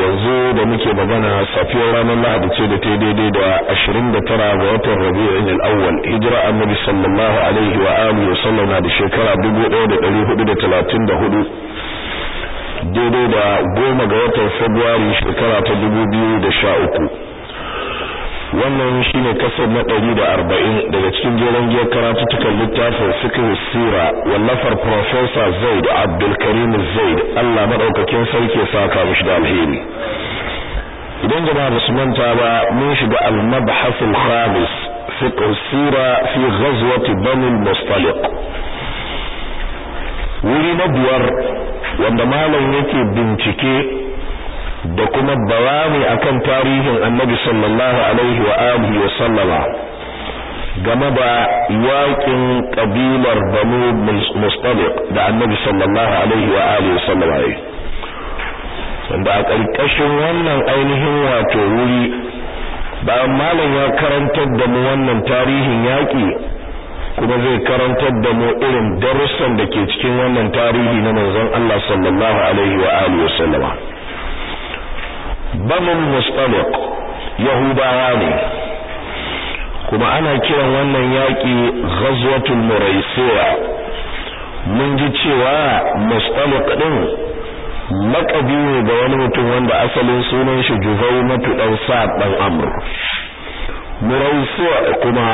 yanzu da muke magana safiyar ranar lahadi ce da ta daidai da da tara ga watan rabi'in al-awwal hijira annabi sallallahu alaihi wa alihi wa sallam na da shekara 1434 daidai da goma ga watan february shekara ta da sha uku. wannan shine kasar na ɗari da arba'in daga cikin jeren giyar karatuttukan littafin sikasira sira wallafar profesa zaid abdulkarim zaid allah maɗaukakin sarki ya saka mishi da alheri idan jama'a ba su manta ba mun shiga al-mabhas al-khamis sira fi ghazwat bani mustaliq wuri na biyar wanda malam yake bincike da kuma bayani akan tarihin annabi sallallahu alaihi wa alihi wa sallama game da yaƙin ƙabilar banu mustaliq da annabi sallallahu alaihi wa alihi wa sallama wanda a ƙarƙashin wannan ainihin wato wuri bayan malam ya karantar da mu wannan tarihin yaƙi kuma zai karantar da mu irin darussan da ke cikin wannan tarihi na manzon Allah sallallahu alaihi wa alihi wa sallama banul mustaliq yahudawa ne kuma ana kiran wannan yaƙi ghazwatul muraisiya mun ji cewa Mustalik ɗin makabi ne ga wani mutum wanda asalin sunan shi Juhau matu dan sa dan muraisiya kuma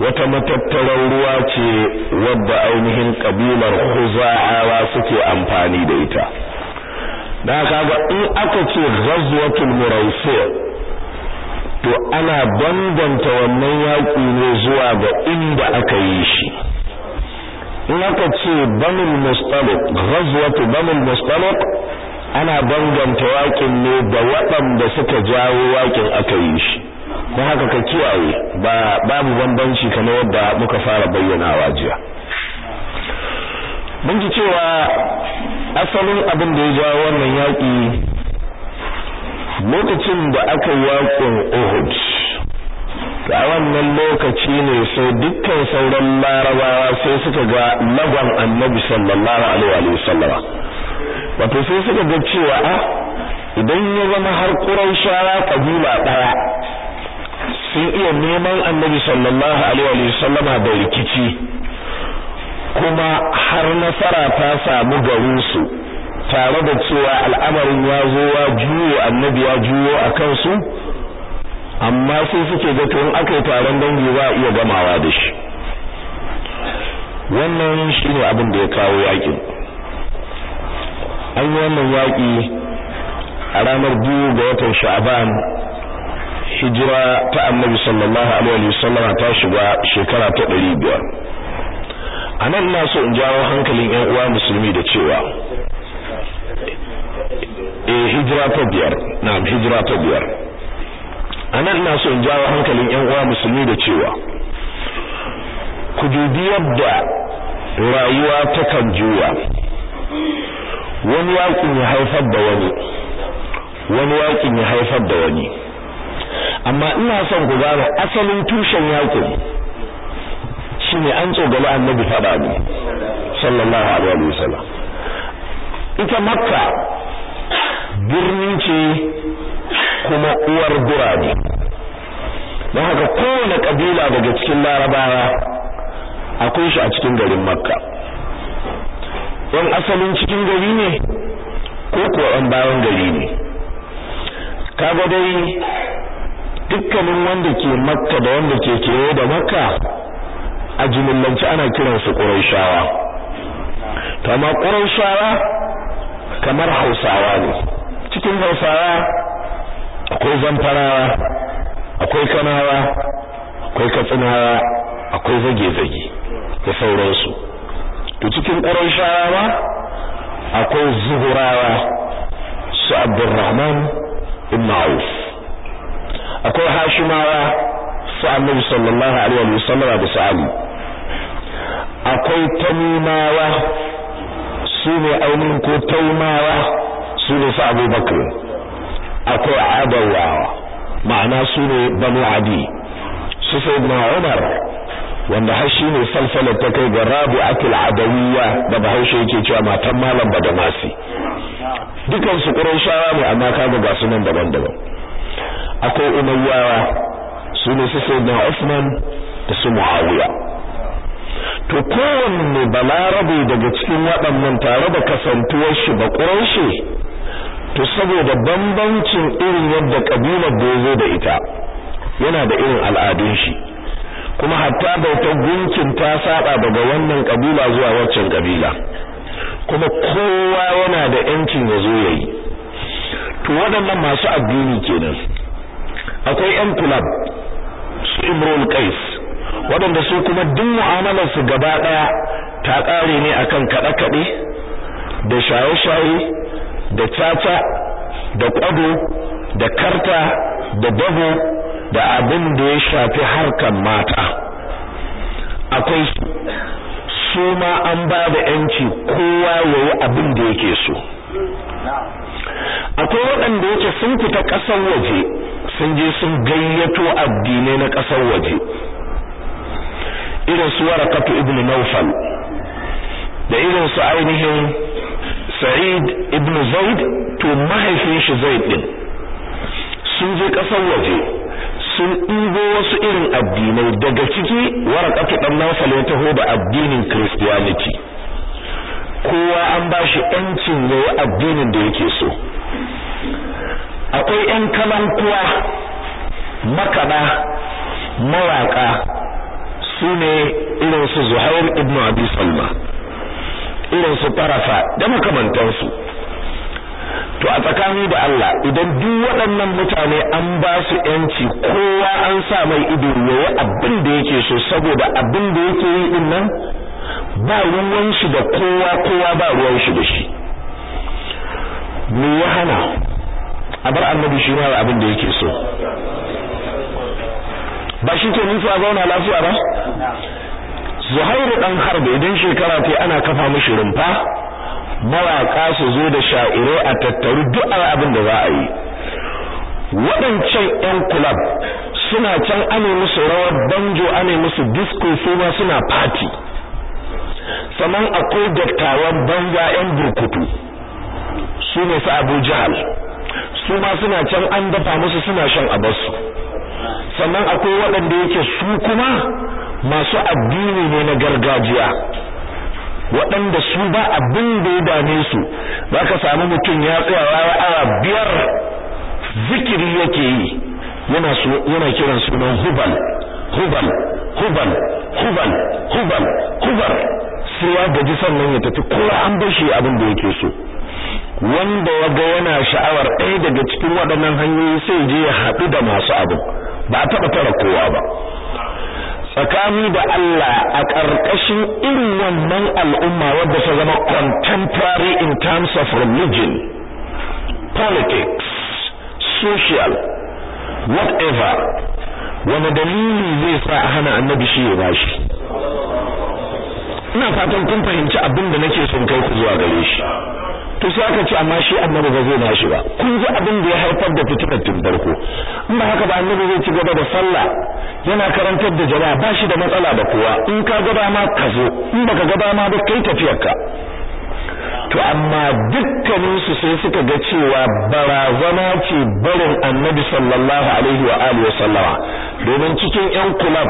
wata matattarar ruwa ce wadda ainihin kabilar khuza'awa suke amfani da ita da kaga in aka ce ghazwatul muraisi to ana bambanta wannan yaki ne zuwa ga inda aka yi shi in aka ce banul mustalik ghazwatul banul mustalik ana bambanta yakin ne da waɗanda suka jawo yakin aka yi shi don haka ka kiyaye ba babu bambanci kamar yadda muka fara bayyanawa jiya mun ji cewa asalin abin da ya jawo wannan yaƙi lokacin da aka yaƙin Uhud a wannan lokaci ne sai dukkan sauran larabawa sai suka ga lagon annabi sallallahu alaihi wa sallama wato sai suka ga cewa a ah, idan ya zama har Qurayshawa kabila ɗaya sun iya neman annabi sallallahu alaihi wa sallama da rikici kuma har nasara ta samu garin tare da cewa al'amarin ya zo ya juyo annabi ya juyo a kansu amma sai suke ga tun aka yi taron dangi za a iya gamawa da shi wannan shine abin da ya kawo yakin an yi wannan yaki a ranar biyu ga watan sha'aban hijira ta annabi sallallahu alaihi wasallam ta shiga shekara ta biyar. a nan na so in jawo hankalin yan uwa musulmi da cewa eh hijira ta biyar na hijira ta biyar a nan na so in jawo hankalin yan uwa musulmi da cewa ku dubi yadda rayuwa ta kan juya wani yakin ya haifar da wani wani yakin ya haifar da wani amma ina son ku gane asalin tushen yakin shine an tsogale annabi fada ne sallallahu alaihi wasallam ita makka birni ce kuma uwar gurare don haka kowane kabila daga cikin larabawa akwai shi a cikin garin makka yan asalin cikin gari ne ko kuwa ɗan bayan gari ne kaga dai dukkanin wanda ke makka da wanda ke kewaye da makka a jimillanci ana kiransu ƙurayshawa to amma ƙurayshawa kamar hausawa ne cikin hausawa akwai zamfarawa akwai kanawa akwai katsinawa akwai zage-zage da sauransu to cikin ƙurayshawa ba akwai zuhurawa su abdurrahman ibn auf akwai hashimawa su annabi sallallahu alaihi wa sallam da sa'ali akwai tamimawa su ne ainihin ko taumawa su ne su abubakar akwai adawawa ma'ana su ne banu adi su sai ibn umar wanda har shi ne salsalar ta kai ga rabi'atul adawiyya da bahaushe yake cewa matan malam badamasi dukan su qurayshawa ne amma kaga ga sunan daban-daban akwai umayyawa su ne su sai da Usman da su Muawiya to kowanne balarabe daga cikin waɗannan tare da kasantuwar shi ba ƙurashi to saboda bambancin irin yadda ƙabilar da da ita yana da irin al'adun shi kuma hatta ta gunkin ta saba daga wannan kabila zuwa waccan ƙabila. kuma kowa yana da yancin ya zo yayi to waɗannan masu addini kenan akwai yan kulab imrul qais waɗanda su kuma duk mu'amalar su gaba daya ta kare ne akan kada kade da shaye-shaye da caca da kwado da karta da dabo da abin da ya shafi harkan mata akwai su ma an ba da yanci kowa yayi abin da yake so akwai waɗanda yake sun fita ƙasar waje sun je sun gayyato addinai na ƙasar waje irin su warakatu ibn naufal da irin su ainihin sa'id ibnu zaid to mahaifin shi zaid din sun je ƙasar waje sun ɗibo wasu irin addinai daga ciki warakatu ɗan naufal ya taho da addinin christianity kowa an ba shi ‘yancin ya addinin da yake so akwai ƴan kalankuwa makana mawaka su ne irin su Zuhair ibn Abi Salma irin su Tarafa da makamantansu to a tsakani da Allah idan duk waɗannan mutane an ba su yanci kowa an sa mai ido yi abin da yake so saboda abin da yake yi din nan ba ruwan shi da kowa kowa ba ruwan shi da shi me ya hana a bar annabi shi ma abin da yake so ba shi ke nufi a zauna lafiya ba zuhairu dan harbi idan shekara ta ana kafa mishi rumfa mawaka su zo da sha'irai a tattaru duk abin da za a yi waɗancan 'yan kulab suna can ane musu rawar banjo ane musu disco su ma suna party sannan akwai dattawan banza 'yan burkutu su ne su abu jahal su ma suna can an dafa musu suna shan abarsu sannan akwai waɗanda yake su kuma masu addini ne na gargajiya waɗanda su ba abin da ya dame su za ka samu mutum ya tsayawa ya ara biyar zikiri yake yi yana kiran kiran sunan hubal hubal hubal hubal hubal hubal sai ya gaji sannan ya tafi kura an bashi abin da yake so wanda ya ga yana sha'awar ɗaya daga cikin waɗannan hanyoyi sai je ya haɗu da masu abu ba a taɓa tara kowa ba tsakani da Allah a ƙarƙashin irin wannan al'umma wadda ta zama contemporary in terms of religion politics social whatever wani dalili zai sa a hana annabi shi ya bashi ina fatan kun fahimci abin da nake son kai ku zuwa gare shi to sai aka ce amma shi annabi ba zai bashi ba kun ji abin da ya haifar da fitinar tun farko in ba haka ba annabi zai ci gaba da sallah yana karantar da jama'a ba shi da matsala da kowa in ka gaba ma ka zo in baka gaba ma ba kai tafiyar ka. to amma dukkanin su sai suka ga cewa barazana ce barin annabi sallallahu alaihi wa alihi wasallama domin cikin yan kulab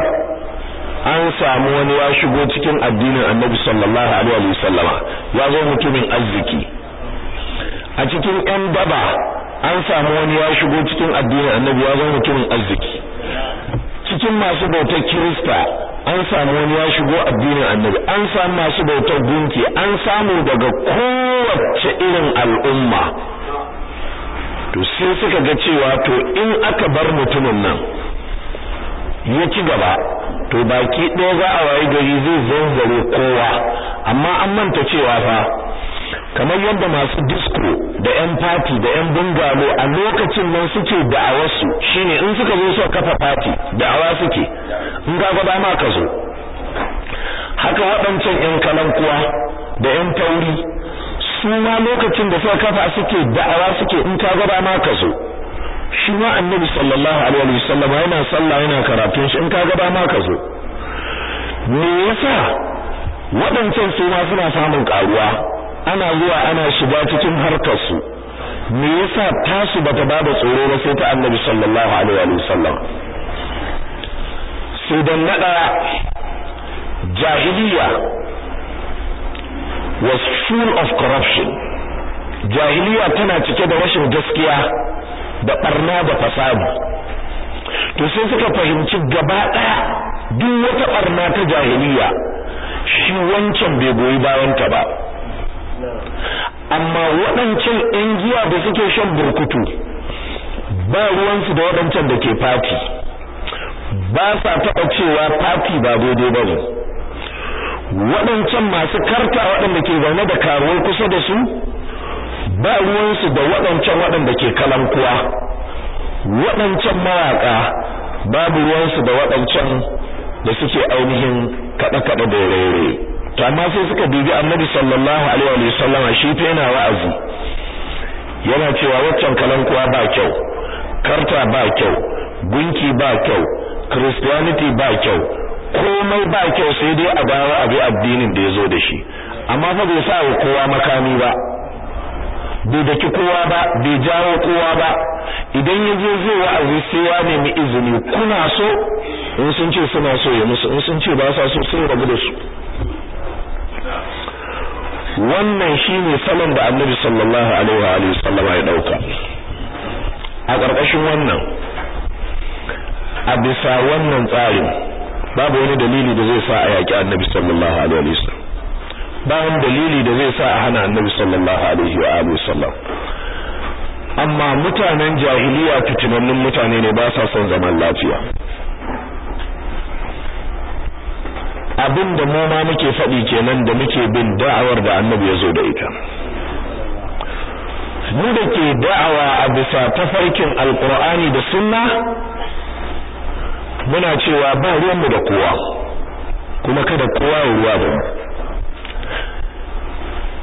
an samu wani ya shigo cikin addinin annabi sallallahu alaihi wa sallama ya zo mutumin arziki a cikin ƴan daba an samu wani ya shigo cikin addinin annabi ya zama mutumin arziki cikin masu bautar kirista an samu wani ya shigo addinin annabi an samu masu bautar gunki an samu daga kowace irin al'umma to sai suka ga cewa to in aka bar mutumin nan ya ci gaba to baki ɗaya za a wayi gari zai zanzare kowa amma an manta cewa fa kamar yadda masu disco da yan party da yan bungalo a lokacin nan suke da'awar wasu shine in suka zo suka kafa party da'awa suke in ga gaba ma ka zo haka wadancan yan kalankuwa da yan tauri su ma lokacin da suka kafa suke da'awa suke in ka gaba ma ka zo shi ma annabi sallallahu alaihi wasallam yana sallah yana karatun shi in ka gaba ma ka zo me yasa waɗancan su ma suna samun karuwa ana zuwa ana shiga cikin harkar su me yasa tasu bata bada tsoro ba sai ta annabi sallallahu alaihi wa sallam sai dan nada jahiliya was full of corruption jahiliya tana cike da rashin gaskiya da barna da fasadi to sai suka fahimci gaba daya duk wata barna ta jahiliya shi wancan bai goyi bayan ta ba amma waɗancan ƴan giya da suke shan burkutu ba ruwansu da waɗancan da ke fati ba sa taɓa cewa fati ba daidai ba ne waɗancan masu karta waɗanda ke zaune da karuwar kusa da su ba ruwansu da waɗancan waɗanda ke kalankuwa waɗancan mawaƙa babu ruwansu da waɗancan da suke ainihin kaɗe-kaɗe da raye ta amma sai suka dubi annabi sallallahu alaihi wa sallama shi ta yana wa'azi yana cewa waccan kalan kuwa ba kyau karta ba kyau gunki ba kyau christianity ba kyau komai ba kyau sai dai a dawo abi addinin da yazo da shi amma fa bai sa kowa makami ba bai daki kowa ba bai jawo kowa ba idan ya je zai wa'azi sai ya nemi izini kuna so in sun ce suna so ya musu in sun ce ba sa so sai rabu da su wannan shine salon da annabi sallallahu alaihi wa alihi sallama ya dauka a ƙarƙashin wannan a bisa wannan tsarin babu wani dalili da zai sa a yaƙi annabi sallallahu alaihi wa sallam ba wani dalili da zai sa a hana annabi sallallahu alaihi wa alihi sallam amma mutanen jahiliya fitinannun mutane ne ba sa son zaman lafiya abin da mu ma muke faɗi kenan da muke bin da'awar da annabi ya zo da ita mu da ke da'awa a bisa tafarkin alkur'ani da sunna muna cewa ba mu da kowa kuma kada kowa ya ruwa ba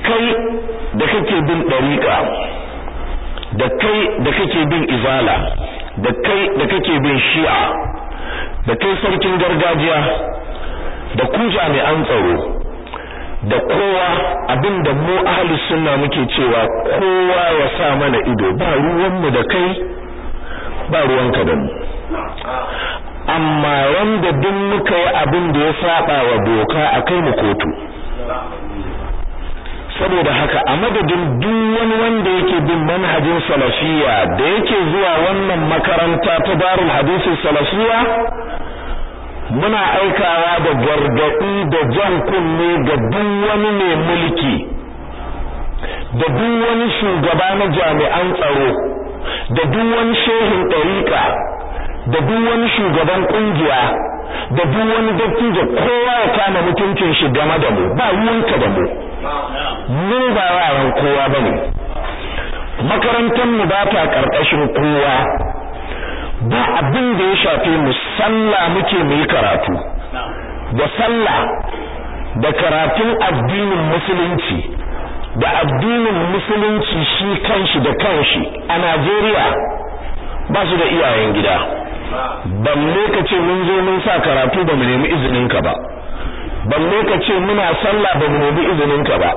kai da kake bin ɗariƙa da kai da kake bin izala da kai da kake bin shi'a da kai sarkin gargajiya da ku jami'an tsaro da kowa abinda mu ahli sunna muke cewa kowa ya sa mana ido ba ruwanmu da kai ba ruwanka da mu amma wanda duk muka yi abin da ya saba wa doka akai mu kotu saboda haka a madadin duk wani wanda yake bin manhajin salafiya da yake zuwa wannan makaranta ta darul hadisin salafiya muna aikawa da gargaɗi da jan kunne ga duk wani mai mulki da duk wani shugaba na jami'an tsaro da duk wani shehin ɗariƙa da duk wani shugaban ƙungiya da duk wani dattijo kowa ya kama mutuncin shi game da mu ba ruwanka da mu mu ba yaran kowa ba ne makarantar mu ba ta ƙarƙashin kowa Da abin da ya shafe mu sallah muke mu yi karatu da sallah da karatun addinin musulunci da addinin musulunci shi kanshi da kanshi a Najeriya ba su da iyayen gida balle ka ce mun zo mun sa karatu ba mu nemi izininka ba balle ka ce muna sallah ba mu nemi izininka ba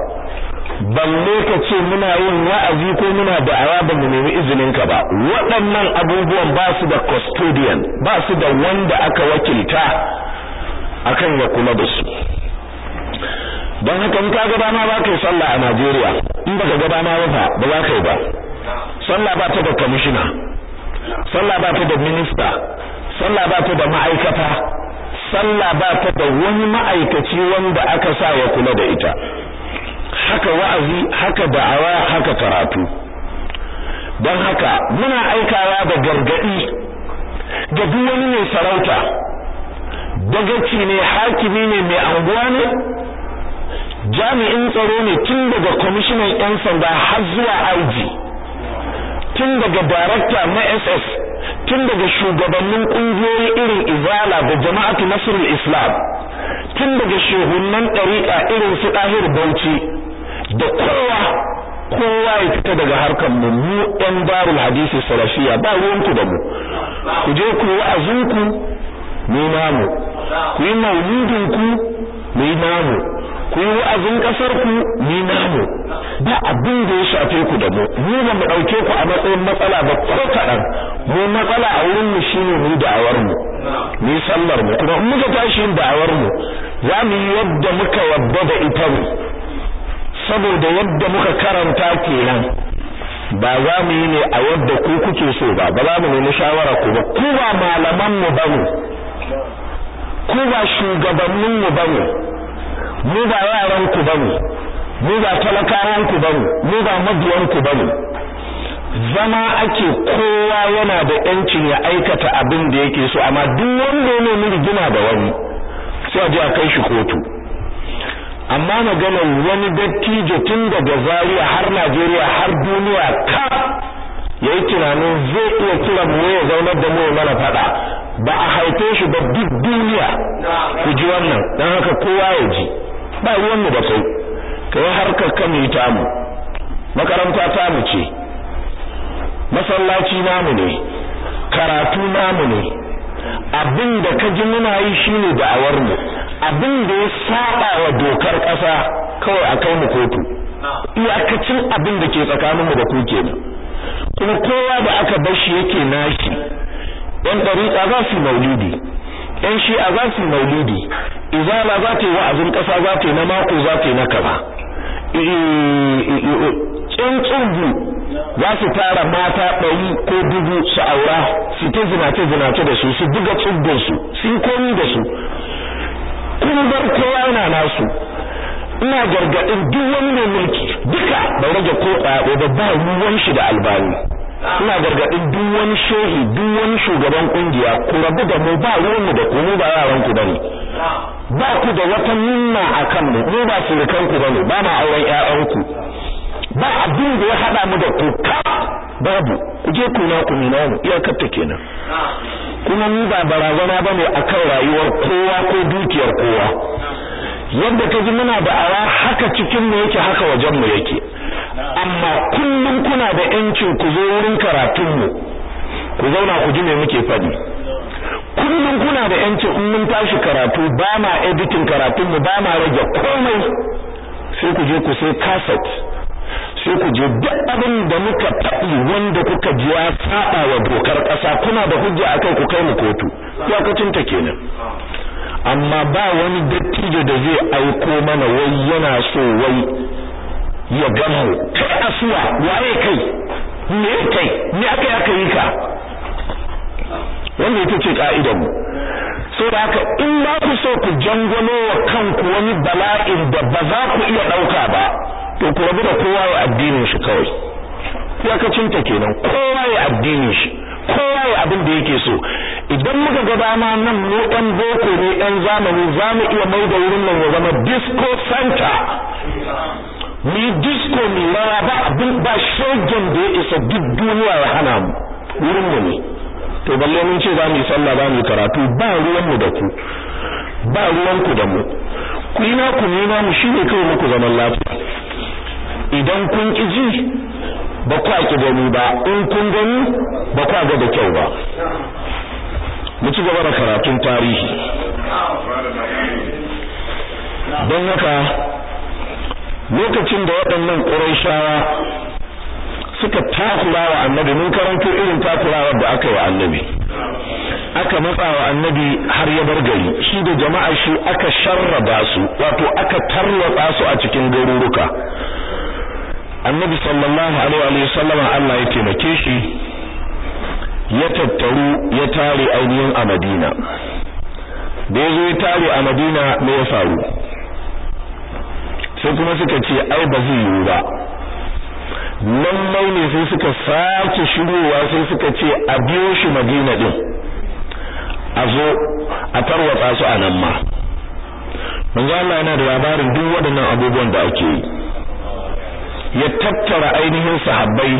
balle ka ce muna yin wa'azi ko muna da'awa ba mu nemi izinin ka ba waɗannan abubuwan ba su da custodian ba su da wanda aka wakilta akan ya kula da su don haka in ka ga ma ba kai sallah a Najeriya in ba ka ga ma ba ba za ka yi ba sallah ba ta da kamishina. sallah ba ta da minista. sallah ba ta da ma'aikata sallah ba ta da wani ma'aikaci wanda aka sa ya kula da ita haka wa'azi haka da'awa haka karatu don haka muna aikawa da gargaɗi. ga duk wani mai sarauta dagaci ne hakimi ne mai anguwa ne jami'in tsaro ne tun daga kwamishinan 'yan sanda har zuwa IG tun daga darakta na SS tun daga shugabannin kungiyoyi irin Izala da Jama'atu Nasrul Islam tun daga shehunan ɗariƙa irin su ɗahir Bauchi da kowa kowa ya fita daga harkar mu mu ɗan darul hadisi salafiya ba ruwanku da mu ku je ku wa'azin ku mu namu ku yi maulidin ku mu namu ku yi wa'azin kasar ku mu namu ba abin da ya shafe ku da mu mu ba mu ɗauke ku a matsayin matsala ba ko kaɗan mu matsala a wurin mu shine mu da'awar mu mu sallar mu kuma mu ga tashi da'awar mu za mu yi yadda muka wadda da ita mu. saboda yadda muka karanta kenan ba za mu yi ne a yadda ku kuke so ba ba za mu nemi shawara ku ba ku ba malaman mu ne, ku ba shugabannin mu ne, mu ba yaran ku ba ne, mu ba talakawan ku ba ne, mu ba mabiyan ku ba ne. zama ake kowa yana da yancin ya aikata abin da yake so amma duk wanda ya nemi rigima da wani sai a je a kai shi kotu amma maganar wani dattijo tun daga Zaria har Najeriya har duniya ka yi tunanin zai iya kiran mu ya zaunar da mu ya mana faɗa ba a haife shi ba duk duniya ku ji wannan don haka kowa ya ji ba ruwan ba kai kai harkar kan mu ta mu makaranta ta mu ce masallaci namu ne karatu namu ne abin da ka ji muna yi shine da'awar mu abin da ya saba wa dokar ƙasa kawai a kai mu kotu iyakacin abin da ke tsakanin mu da ku kenan kuma kowa da aka bar shi yake nashi yan dariqa za su maulidi shi a za su maulidi izala za ta yi wa'azin ƙasa za ta yi na mako za ta yi na kaza tsuntsun za su tara mata ɗari ko dubu su aura su ta zinace zinace da su su buga tsubbin su su komi da su sun bar kowa yana nasu ina gargadin duk wani mai mulki duka da rage ko ɗaya ba ba ruwan shi da albani ina gargadin duk wani shehi duk wani shugaban ƙungiya ku rabu da mu ba ruwanmu da ku mu ba yaran ku bane ba ku da wata minna akan mu mu ba surukan ku bane ba ma auren ƴaƴan ku ba abin da ya haɗa mu da ku babu ku je ku na ku nuna mu iyakar ta kenan kuma ni ba barazana bane akan rayuwar kowa ko dukiyar kowa yadda ka ji muna da awa haka cikin mu yake haka wajen mu yake amma kullum kuna da yancin ku zo wurin karatun mu ku zauna ku ji me muke faɗi kullum kuna da yancin in mun tashi karatu ba ma editin karatun mu ba ma rage komai sai ku je ku sai cassette sai ku je duk abin da muka faɗi wanda kuka ji ya saba wa dokar ƙasa kuna da hujja akai ku kai mu kotu lokacin ta kenan amma ba wani dattijo da zai aiko mana wai yana so wai ya gamu kai asuwa waye kai me kai me aka aka yi ka wannan ita ce ka'idar mu so da haka in ba ku so ku jangano wa kanku wani bala'in da ba za ku iya ɗauka ba to kuma rabu da kowa ya addinin shi kawai iyakacin ta kenan kowa ya addinin shi kowa ya abin da yake so idan muka ga dama nan mu ɗan boko ne ɗan zamani za mu iya mai da wurin nan ya zama disco center mu yi disco mu rawa ba abin ba shegen da ya isa duk duniya ya hana mu wurin mu ne to balle mun ce za mu yi sallah za mu yi karatu ba ruwan mu da ku ba ruwan ku da mu ku yi ku ne na mu ne kawai muku zaman lafiya idan kun ki ji ba ku ki gani ba in kun gani ba ku ga da kyau ba mu ci gaba da karatun tarihi don haka lokacin da waɗannan ƙurayshawa suka takura annabi mun karanto irin takurawar da aka yi wa annabi aka matsa wa annabi har ya bar gari shi da jama'a shi aka sharraba su wato aka tarwatsa su a cikin garuruka annabi sallallahu alaihi wa sallam Allah ya taimake shi ya tattaru ya tare ainihin a Madina da ya zo ya tare a Madina me ya faru sai kuma suka ce ai ba zai yiwu ba mai ne sai suka sace shigowa sai suka ce a biyo shi Madina din a zo a tarwatsa su a nan ma manzo Allah yana da labarin duk waɗannan abubuwan da ake yi ya tattara ainihin sahabbai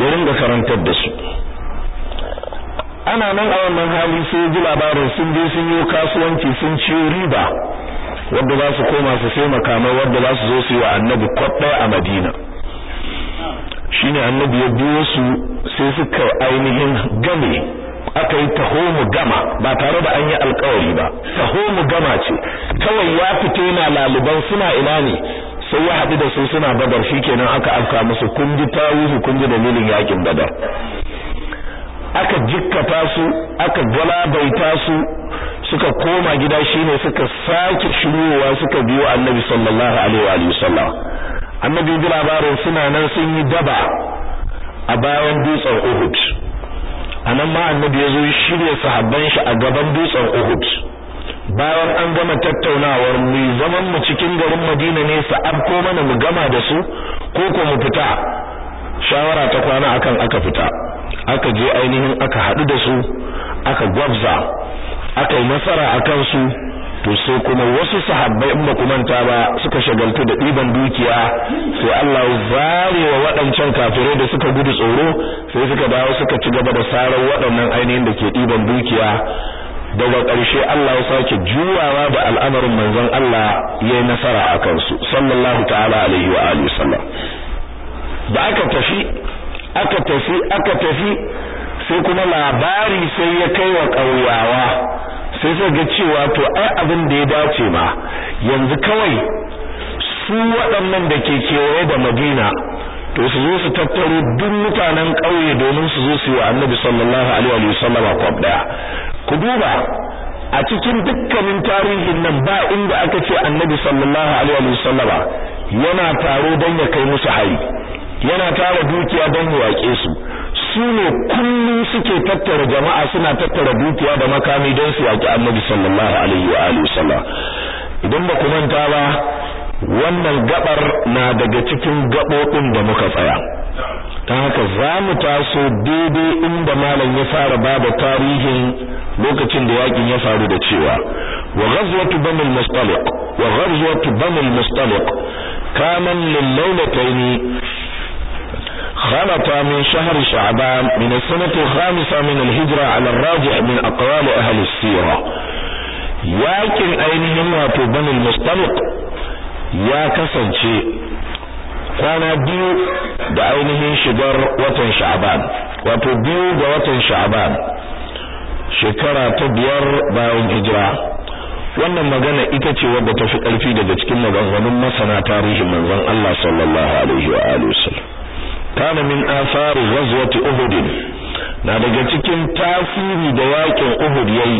ya ringa karantar da su ana nan a wannan hali sai ji labarin sun je sun yi kasuwanci sun ciyo riba wanda za su koma su sai makamai wanda za su zo su yi wa annabi kwaɗɗaya a madina shine annabi ya biyo su sai suka ainihin game aka yi mu gama ba tare da an yi alkawari ba taho mu gama ce kawai ya fito yana laluban suna ina ne sai ya haɗu da su suna badar kenan aka afka musu kun ji tawuhu kun dalilin yakin badar aka jikkata su aka galabaita su suka koma gida shine suka sake shiruwa suka biyo annabi sallallahu alaihi wa sallam annabi ji labarin suna nan sun yi daba a bayan dutsen Uhud anan ma annabi ya zo shirye sahabban shi a gaban dutsen Uhud bayan an gama tattaunawar mu zaman mu cikin garin Madina ne su afko mana mu gama da su ko ko mu fita shawara ta kwana akan aka fita aka je ainihin aka hadu da su aka gwabza aka yi nasara akan su to sai kuma wasu sahabbai in ba ku manta ba suka shagaltu da ɗiban dukiya sai Allah ya zare wa wadancan kafirai da suka gudu tsoro sai suka dawo suka ci gaba da sarar waɗannan ainihin da ke ɗiban dukiya daga ƙarshe Allah ya sake juwawa da al'amarin manzon Allah ya nasara a kansu sallallahu ta'ala alaihi wa alihi sallam da aka tafi aka tafi aka tafi sai kuma labari sai ya kai wa ƙauyawa sai sai ga cewa to ai abin da ya dace ma yanzu kawai su waɗannan da ke kewaye da Madina to su zo su tattaro duk mutanen ƙauye domin su zo su yi annabi sallallahu alaihi wa sallam kwab daya ku duba a cikin dukkanin tarihin nan ba inda aka ce annabi sallallahu alaihi wa sallama yana taro don ya kai musu hari yana tara dukiya don ya wake su su ne kullum suke tattara jama'a suna tattara dukiya da makami don su yaƙi annabi sallallahu alaihi wa alihi idan ba ku manta ba wannan gabar na daga cikin gabobin da muka tsaya ta haka za mu taso daidai inda malam ya fara bada tarihin lokacin da yakin ya faru da cewa wa ghazwatu banu al-mustaliq wa ghazwatu banu al-mustaliq kaman lil lawlatayn خلط من شهر شعبان من السنة الخامسة من الهجرة على الراجح من أقوال أهل السيرة yakin ainihin wato banul mustaliq ya kasance kwana biyu da ainihin shigar watan Shaban. wato biyu ga watan Shaban, shekara ta biyar bayan hijira wannan magana ita ce wadda ta fi ƙarfi daga cikin maganganun masana tarihin manzon Allah sallallahu alaihi wa alihi wasallam kana min na daga cikin tasiri da yakin uhud yayi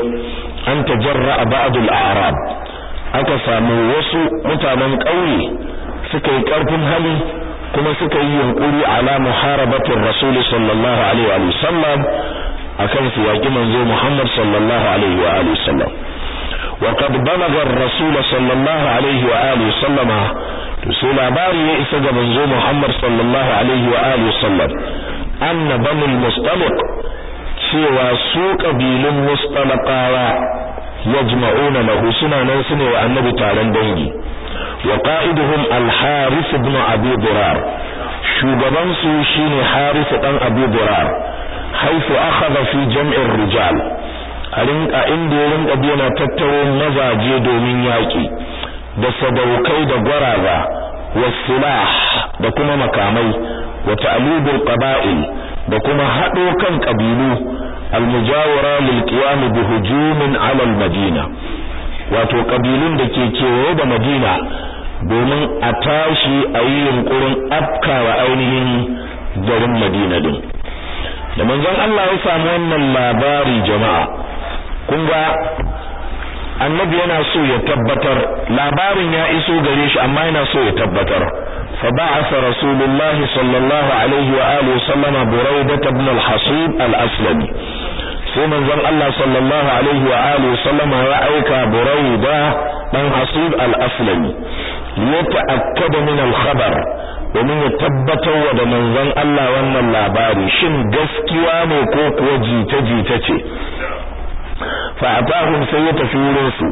an tajarra ba'dul a'rab aka samu wasu mutanen ƙauye suka yi ƙarfin hali kuma suka yi yunkuri ala muharabatir rasul sallallahu alaihi wa sallam akan su yaki manzo Muhammad sallallahu alaihi wa alihi sallam wa qad balagha ar-rasul sallallahu alaihi wa alihi sallama to sai labari ya isa ga manzo Muhammad sallallahu alaihi wa alihi sallam anna banul mustaliq cewa su kabilun mustalaqawa yajma'una lahu suna nan sune wa annabi taron dangi wa qa'iduhum al-harith ibn abi durar shugaban su shine harith dan abi durar haifu akhadha fi jam'ir rijal a rinka inda ya rinka biyana tattaro mazaje domin yaƙi da sadaukai da gwaraza wasilah da kuma makamai wa ta'libul qaba'il da kuma haɗo kan ƙabilu almujawara mujawara lil qiyam bi hujumin ala madina wato kabilun da ke kewaye da madina domin a tashi a yi yunkurin afkawa ainihin garin madina din da manzon Allah ya samu wannan labari jama'a kun ga annabi yana so ya tabbatar labarin ya iso gare shi amma yana so ya tabbatar fa ba'atha rasulullahi sallallahu alaihi wa sallama buraida ibn al-hasib al-aslami sai manzon Allah sallallahu alaihi wa alihi sallama ya aika Buraida dan Hasib al-Aslami ya ta'akkada min al-khabar domin ya tabbatar wa da manzon Allah wannan labari shin gaskiya ne ko kuwa jita-jita ce فأتاهم سيئة في رسو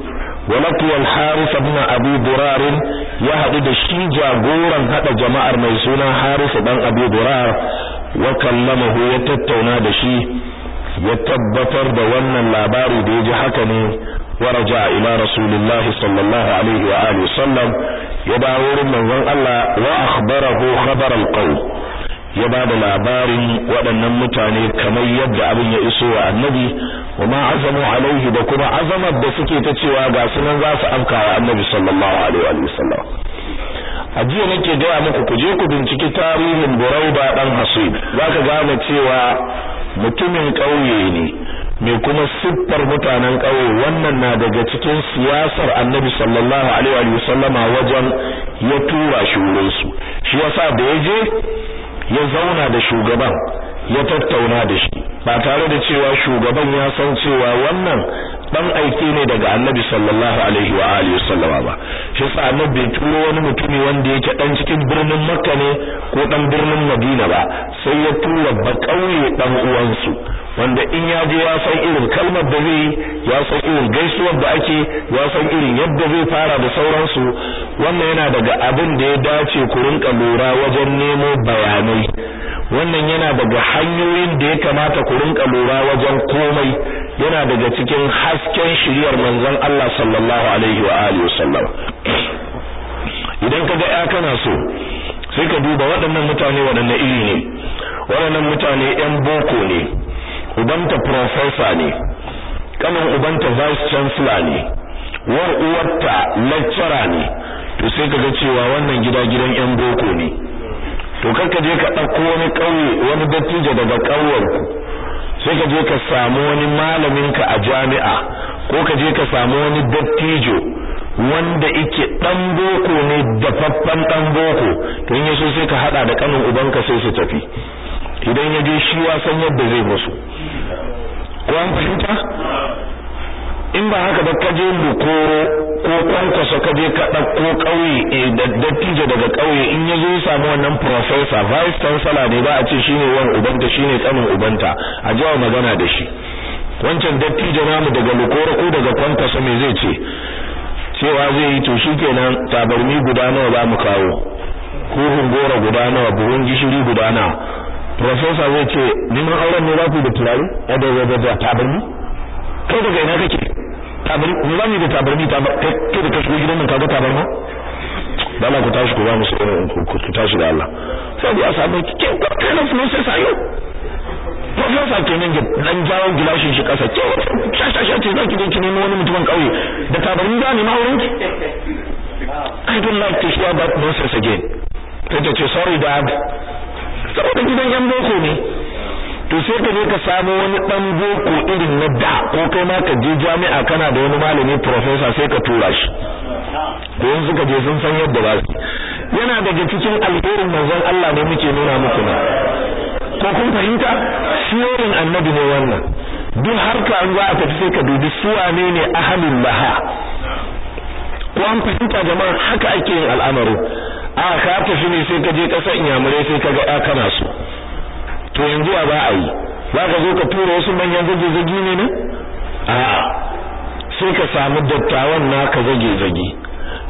ولقي الحارث بن أبي درار يهد دشي جاغورا هذا جماعة ميسونا حارث بن أبي درار وكلمه يتتونا shi. ya tabbatar da wannan labari da ya ji haka ne wa raja ila rasulillah sallallahu alaihi wa alihi sallam ya dawo wurin manzon Allah wa akhbarahu khabar alqaw ya ba da labarin waɗannan mutane kamar yadda abin ya iso wa annabi wa ma azamu alaihi da kuma azamar da suke ta cewa ga sunan za su amka wa annabi sallallahu alaihi wa sallam a jiya nake gaya muku ku je ku binciki tarihin Burauda dan Hasib ka gane cewa mutumin ƙauye ne mai kuma siffar mutanen ƙauye wannan na daga cikin siyasar annabi sallallahu alaihi wa sallama wajen ya tura shi wurin shi yasa da je ya zauna da shugaban ya tattauna da shi ba tare da cewa shugaban ya san cewa wannan dan aiki ne daga annabi sallallahu alaihi wa alihi wasallama ba shi sa annabi turo wani mutumi wanda yake dan cikin birnin makka ne ko dan birnin madina ba sai ya tura ba kauye dan uwansu wanda in ya je ya san irin kalmar da zai ya san irin gaisuwar da ake ya san irin yadda zai fara da sauransu wannan yana daga abin da ya dace ku rinka lura wajen nemo bayanai wannan yana daga hanyoyin da ya kamata ku rinka lura wajen komai yana daga cikin hasken shiriyar manzon Allah sallallahu alaihi wa alihi wasallam idan kaga ya kana so sai ka duba waɗannan mutane waɗannan iri ne waɗannan mutane 'yan boko ne ubanta professor ne kaman ubanta vice chancellor ne war uwarta lecturer ne to sai kaga cewa wannan gida gidan yan boko ne to karka je ka dauko wani kauye wani dattijo daga kauyen ku sai ka je ka samu wani malamin ka a jami'a ko ka je ka samu wani dattijo wanda yake dan boko ne da faffan dan boko to in yaso sai ka haɗa da kanin ubanka sai su tafi idan ya je shi wasan yadda zai basu ko an fahimta in ba haka ba kaje lukoro ko kwankwaso kaje ka ɗauko ƙauye eh, da dattijo daga ƙauye in ya zo ya samu wannan professor vice chancellor ne ba a ce shine wan ubanta shine tsanin ubanta a jawo magana da shi wancan dattijo namu daga lukoro ko daga kwankwaso me zai ce cewa zai yi to shikenan tabarmi guda nawa za mu kawo ko hungora guda nawa buhun gishiri guda nawa profesa zai ce neman auren ne za ku da turare yadda zai da tabarni kai daga ina kake tabarni mu za ni da tabarni kai da ka shigo gidan nan ka ga tabarma da Allah ku tashi ku ba musu eh, ku tashi da Allah sai dai a samu kyau ga kana su sai sayo profesa kenan ga nan jawon gilashin shi kasa kyau shasha shace zaki je ki nemo wani mutumin kauye da tabarni za ni ma auren ki I don't like to hear that nonsense again. Sai ta ce sorry dad saboda gidan yan boko ne to sai ka je ka samu wani dan boko irin na da ko kai ma ka je jami'a kana da wani malami professor sai ka tura shi ko yanzu ka je sun san yadda ba su yana daga cikin alherin manzon Allah ne muke nuna muku na ko kun fahimta siyorin annabi ne wannan duk harka an za a tafi sai ka dubi su wane ne ahalin laha ko an fahimta jama'a haka ake yin al'amarin a ka tafi ne sai ka je ƙasar inyamurai sai ka ga ya kana su to yanzu a ba a yi ba ka zo ka tura wasu manyan zage-zage ne ne a sai ka samu dattawan ka zage-zage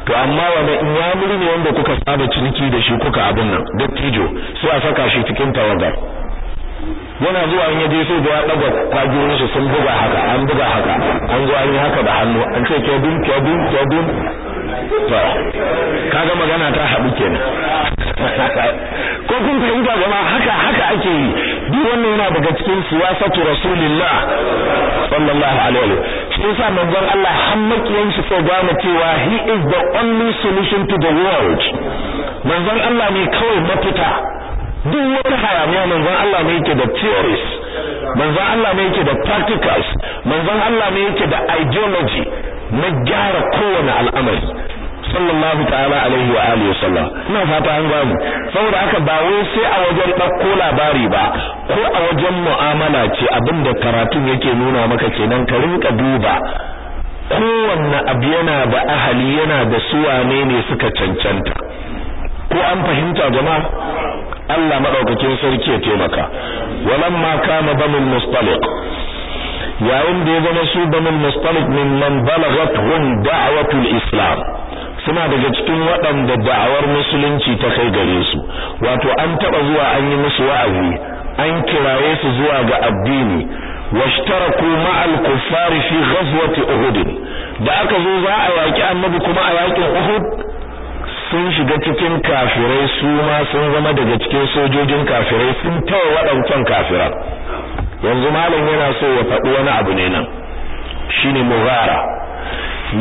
to amma wani inyamuri ne wanda kuka saba ciniki da shi kuka abin nan dattijo sai a saka shi cikin tawagar yana zuwa an yaje sai da ya daga shi sun buga haka an buga haka an zo an yi haka da hannu an ce kyadun kyadun kyadun kaga magana ta haɗu kenan ko kun fahimta jama'a haka haka ake yi duk wannan yana daga cikin siyasatu rasulillah sallallahu alaihi wa sallam sai manzon Allah har makiyan shi sai mu cewa he is the only solution to the world manzon Allah ne kawai mafita duk wata haramiya manzon Allah ne yake da theories manzon Allah ne yake da practicals manzon Allah ne yake da ideology na gyara kowane al'amari sallallahu ta'ala alaihi wa alihi wasallam ina fata an gano saboda haka ba wai sai a wajen ɗauko labari ba ko a wajen mu'amala ce abinda karatun yake nuna maka kenan ka rinka duba kowanne abu yana da ahali yana da suwane ne suka cancanta ko an fahimta jama'a Allah madaukakin sarki ya taimaka walamma kama banul mustaliq yayin da ya zama su banul mustalik balagat balagathum da'watul islam suna daga cikin waɗanda da'awar musulunci ta kai gare su wato an taɓa zuwa an yi musu wa'azi an kiraye su zuwa ga addini washtaraku ma'al kuffari fi ghazwati uhud da aka zo za a yaki annabi kuma a yakin uhud sun shiga cikin kafirai su ma sun zama daga cikin sojojin kafirai sun tawa waɗancan kafiran yanzu malam yana so ya faɗi wani abu ne nan shine mugara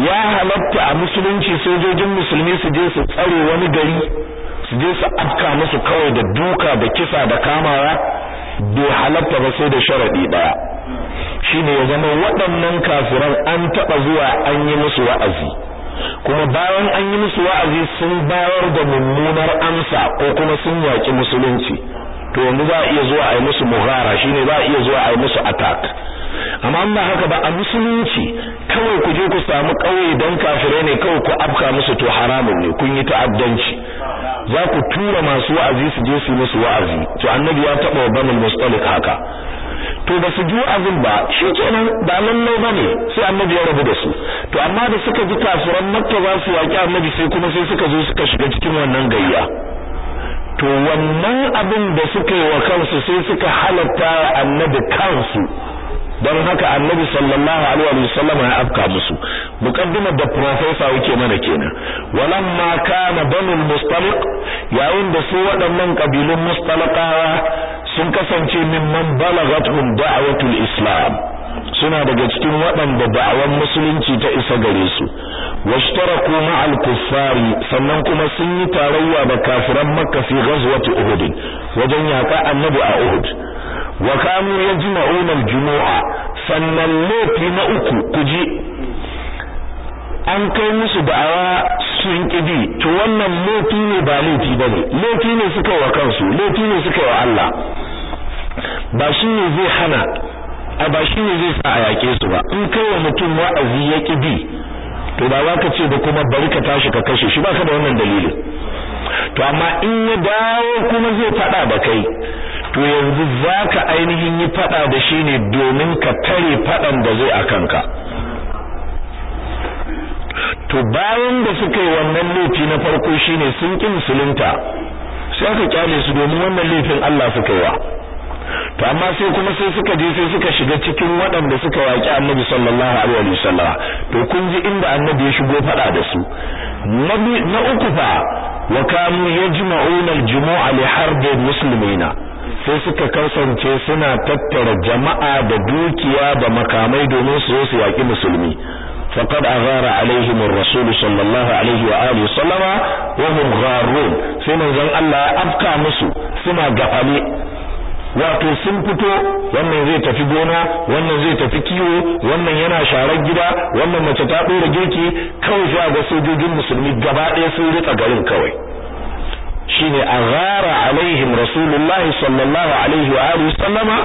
ya halatta a musulunci sojojin musulmi su je su tsare wani gari su je su afka musu kawai da duka da kisa da kamawa bai halatta ba sai da sharadi daya shine ya zama waɗannan kafiran an taɓa zuwa an yi musu wa'azi kuma bayan an yi musu wa'azi sun bayar da mummunar amsa ko kuma sun yaƙi musulunci to yanzu za a iya zuwa a yi musu shi ne za a iya zuwa a yi musu attack amma ba haka ba a musulunci kawai ku je ku samu kauye don kafirai ne kawai ku abka musu to haramun ne kun yi ta'addanci za ku tura masu wa'azi su je su musu wa'azi to annabi ya taba wa banul mustalik haka to ba su ji wa'azin ba shi kenan ba lallai ba ne sai annabi ya rabu da su to amma da suka ji kafiran makka za su yaki annabi sai kuma sai suka zo suka shiga cikin wannan gayya to wannan abin da suka yi wa kansu sai suka halatta annabi kansu don haka annabi sallallahu alaihi wa sallam ya afka musu muqaddimar da profesa yake mana kenan walamma kana banul mustaliq yayin da su waɗannan kabilun mustalaqawa sun kasance mimman balagatun da'watul islam suna daga cikin waɗanda da'awar musulunci ta isa gare su washtaraku ma'al kuffari sannan kuma sun yi tarayya da kafiran makka fi ghazwati uhud wajen yaƙa annabi a uhud wa kanu yajma'una al-jumu'a sannan lafi na uku kuji an kai musu da'awa sun kidi to wannan laifi ne ba laifi bane laifi ne suka wa kansu laifi ne suka wa Allah ba shi ne zai hana a ba shi ne zai sa a yaƙe su ba in kai wa mutum wa'azi ya ƙi bi to ba za ka ce da kuma bari ka tashi ka kashe shi ba ka da wannan dalilin to amma in ya dawo kuma zai faɗa da kai to yanzu za ka ainihin yi faɗa da shi ne domin ka tare faɗan da zai a kanka to bayan da suka yi wannan laifi na farko shine sun ƙi musulunta sai aka kyale su domin wannan laifin Allah suka yi wa to amma sai kuma sai suka je sai suka shiga cikin waɗanda suka waƙi annabi sallallahu alaihi wasallam to kun ji inda annabi ya shigo faɗa da su na uku fa wa kanu yajma'una al-jumu'a li harbi muslimina sai suka kasance suna tattara jama'a da dukiya da makamai domin su zo su yaƙi musulmi فقد أغار sallallahu alaihi صلى الله sallama wa hum gharun sai manzon Allah ya afka musu suna gafali wato sun fito wannan zai tafi gona wannan zai tafi kiwo wannan yana sharar gida wannan mace ta ɗora girki kawai sai ga sojojin musulmi gaba ɗaya sun rika garin kawai shine aghara alaihim rasulullah sallallahu alaihi wa alihi sallama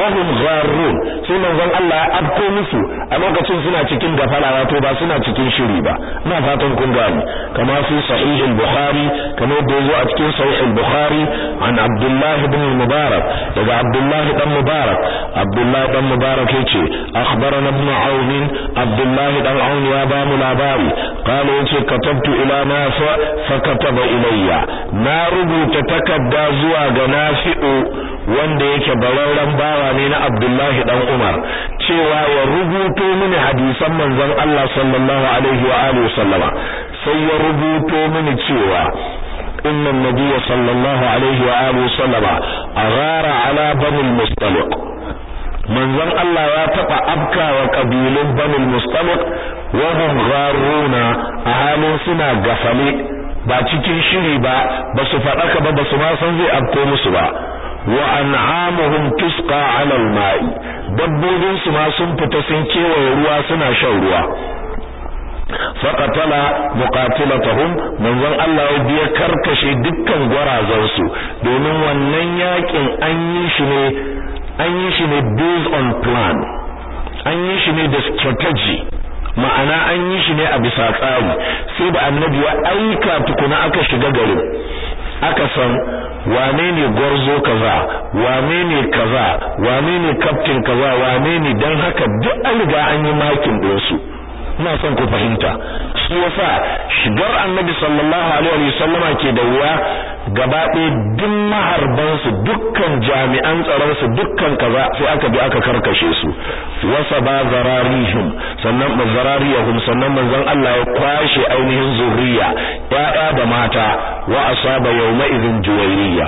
wa hum gharrun sai manzon Allah ya abko musu a lokacin suna cikin gafala wato ba suna cikin shiri ba ina fatan kun gani kama fi sahih al-bukhari kama da yazo a cikin sahih al-bukhari an abdullah ibn mubarak daga abdullah dan mubarak abdullah dan mubarak yace akhbarana ibn aun abdullah dan aun ya ba mu labari qala yace katabtu ila nafa fa kataba ilayya na rubuta takarda zuwa ga nafi'u wanda yake bararren bawa ne na Abdullahi dan Umar cewa ya rubuto mini hadisan manzon Allah sallallahu alaihi wa alihi sallama sai ya rubuto mini cewa inna an-nabiyya sallallahu alaihi wa alihi sallama aghara ala banil mustaliq manzon Allah ya taba abkawa kabilun banil mustaliq wa hum gharuna a halin suna gafale ba cikin shiri ba ba su faɗaka ba ba su ma san zai afko musu ba wa an'amuhum tusqa 'ala al-ma'i dabbobin su ma sun fita sun kewaye ruwa suna shan ruwa faqatala muqatilatahum manzon Allah ya biya karkashe dukkan gwarazan su domin wannan yakin an yi shi ne an yi shi ne based on plan an yi shi ne da strategy ma'ana an yi shi ne a bisa tsari sai da annabi ya aika tukuna aka shiga garin aka san wane ne gwarzo kaza wane ne kaza wane ne kaftin kaza wane ne don haka duk an riga an yi makin ɗinsu ina son ku fahimta shi yasa shigar annabi sallallahu alaihi wa sallama ke da wuya gaba ɗaya duk maharban su dukkan jami'an tsaron su dukkan kaza sai aka bi aka karkashe su wasa ba zararihum sannan ba zarariyahum sannan manzon Allah ya kwashe ainihin zuriya ya'ya da mata wa asaba yawma idhin juwayriya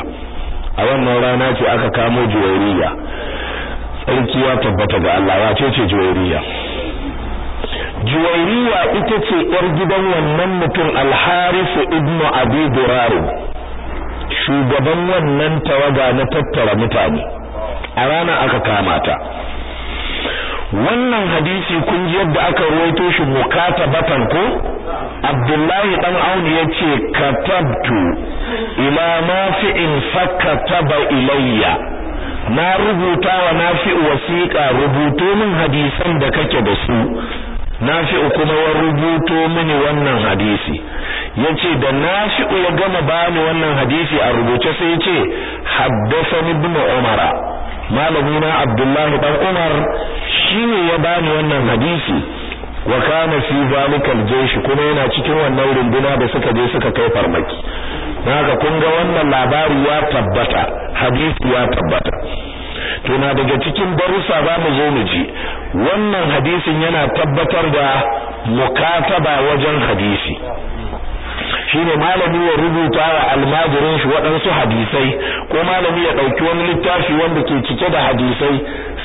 a wannan rana ce aka kamo juwayriya sarki ya tabbata ga Allah wace ce juwayriya juwairiya ita ce yar gidan wannan mutum alharisu ibnu abu durari shugaban wannan tawaga na tattara mutane a rana aka kama ta wannan hadisi kun ji yadda aka ruwaito shi bukata batan ko Abdullahi dan Auni yace katabtu ila nafi'in taba ilayya na rubuta wa nafi'u wasiqa rubuto min hadisan da kake da su nafi'u kuma ya rubuto mini wannan hadisi yace da nafi'u ya gama bani wannan hadisi a rubuce sai yace haddathani ibn umar malamina abdullahi ibn umar shi ne ya bani wannan hadisi wa kana fi zalika aljaysh kuma yana cikin wannan runduna da suka je suka kai farmaki haka kun ga wannan labari ya tabbata hadisi ya tabbata to na daga cikin darussa za mu zo mu ji wannan hadisin yana tabbatar da mukataba wajen hadisi shine malami ya rubuta wa almajirin shi waɗansu hadisai ko malami ya ɗauki wani littafi wanda ke cike da hadisai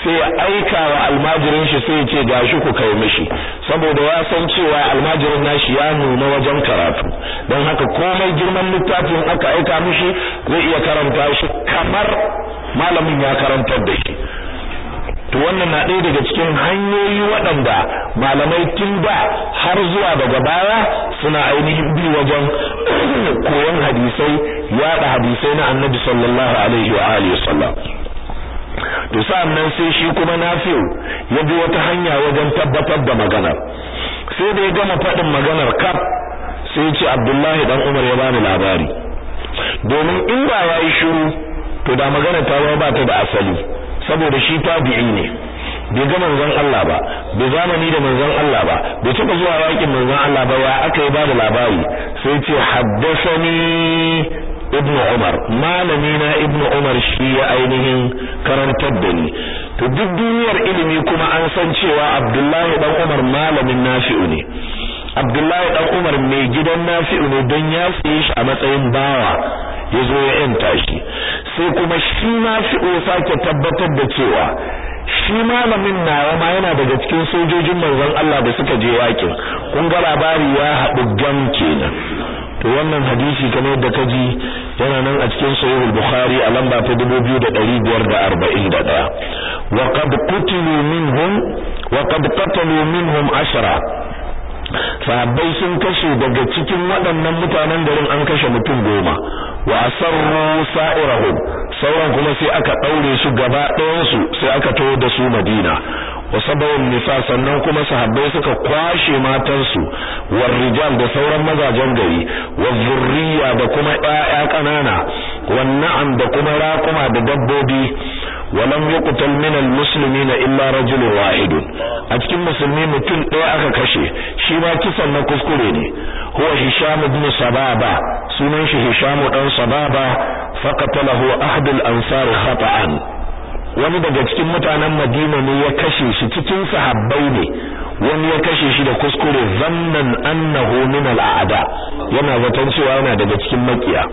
sai ya aika wa almajirin shi sai ya ce shi ku kai mishi saboda ya san cewa almajirin nashi ya nuna wajen karatu don haka komai girman littafin aka aika mishi zai iya karanta shi kamar malamin ya karantar da shi to wannan na ɗaya daga cikin hanyoyi waɗanda malamai tun da har zuwa daga baya suna ainihin bi wajen koyon hadisai yaɗa hadisai na annabi sallallahu alaihi wa alihi wasallam to sa'annan sai shi kuma nafi'u ya bi wata hanya wajen tabbatar da maganar sai da ya gama faɗin maganar kaf sai ya ce abdullahi dan umar ya bani labari domin in ba ya yi shiru to da maganar ta ba ta da asali saboda shi tabi'i ne bai ga manzon Allah ba bai zamani da manzon Allah ba bai taba zuwa yakin manzon Allah ba ya aka yi bada labari sai ce haddasani ibn Umar malami na ibn Umar shi ya ainihin karantar da ni to duk duniyar ilimi kuma an san cewa Abdullahi dan Umar malamin Nafi'u ne Abdullahi dan Umar mai gidan Nafi'u ne don ya siye shi a matsayin bawa ya zo ya yanta shi sai kuma shi ma fi sake tabbatar da cewa shi malamin na rama yana daga cikin sojojin manzon Allah da suka je yakin kun ga labari ya haɗu gam kenan to wannan hadisi kamar yadda ka ji yana nan a cikin sahih al-bukhari a lamba ta 2541 wa qad qutilu minhum wa qad qatalu minhum ashara sahabbai sun kashe daga cikin waɗannan mutanen garin an kashe mutum goma wa asarru sa'irahum sauran kuma sai aka ɗaure su gaba ɗayan su sai aka tawo da su Madina wasabawan nisa sannan kuma sahabbai suka kwashe matansu warrijal da sauran mazajen gari wa zurriya da kuma ƴaƴa ƙanana wa na'am da kuma raƙuma da dabbobi wa lam yuqtal min al muslimina illa rajul wahid a cikin musulmi mutum ɗaya aka kashe shi ma kisan na kuskure ne huwa hisham ibn sababa sunan shi Hishamu ɗan sababa faqatalahu ahad al ansar khata'an wani daga cikin mutanen Madina ne ya kashe shi cikin sahabbai ne wani ya kashe shi da kuskure zannan annahu min al'ada yana zaton cewa yana daga cikin makiya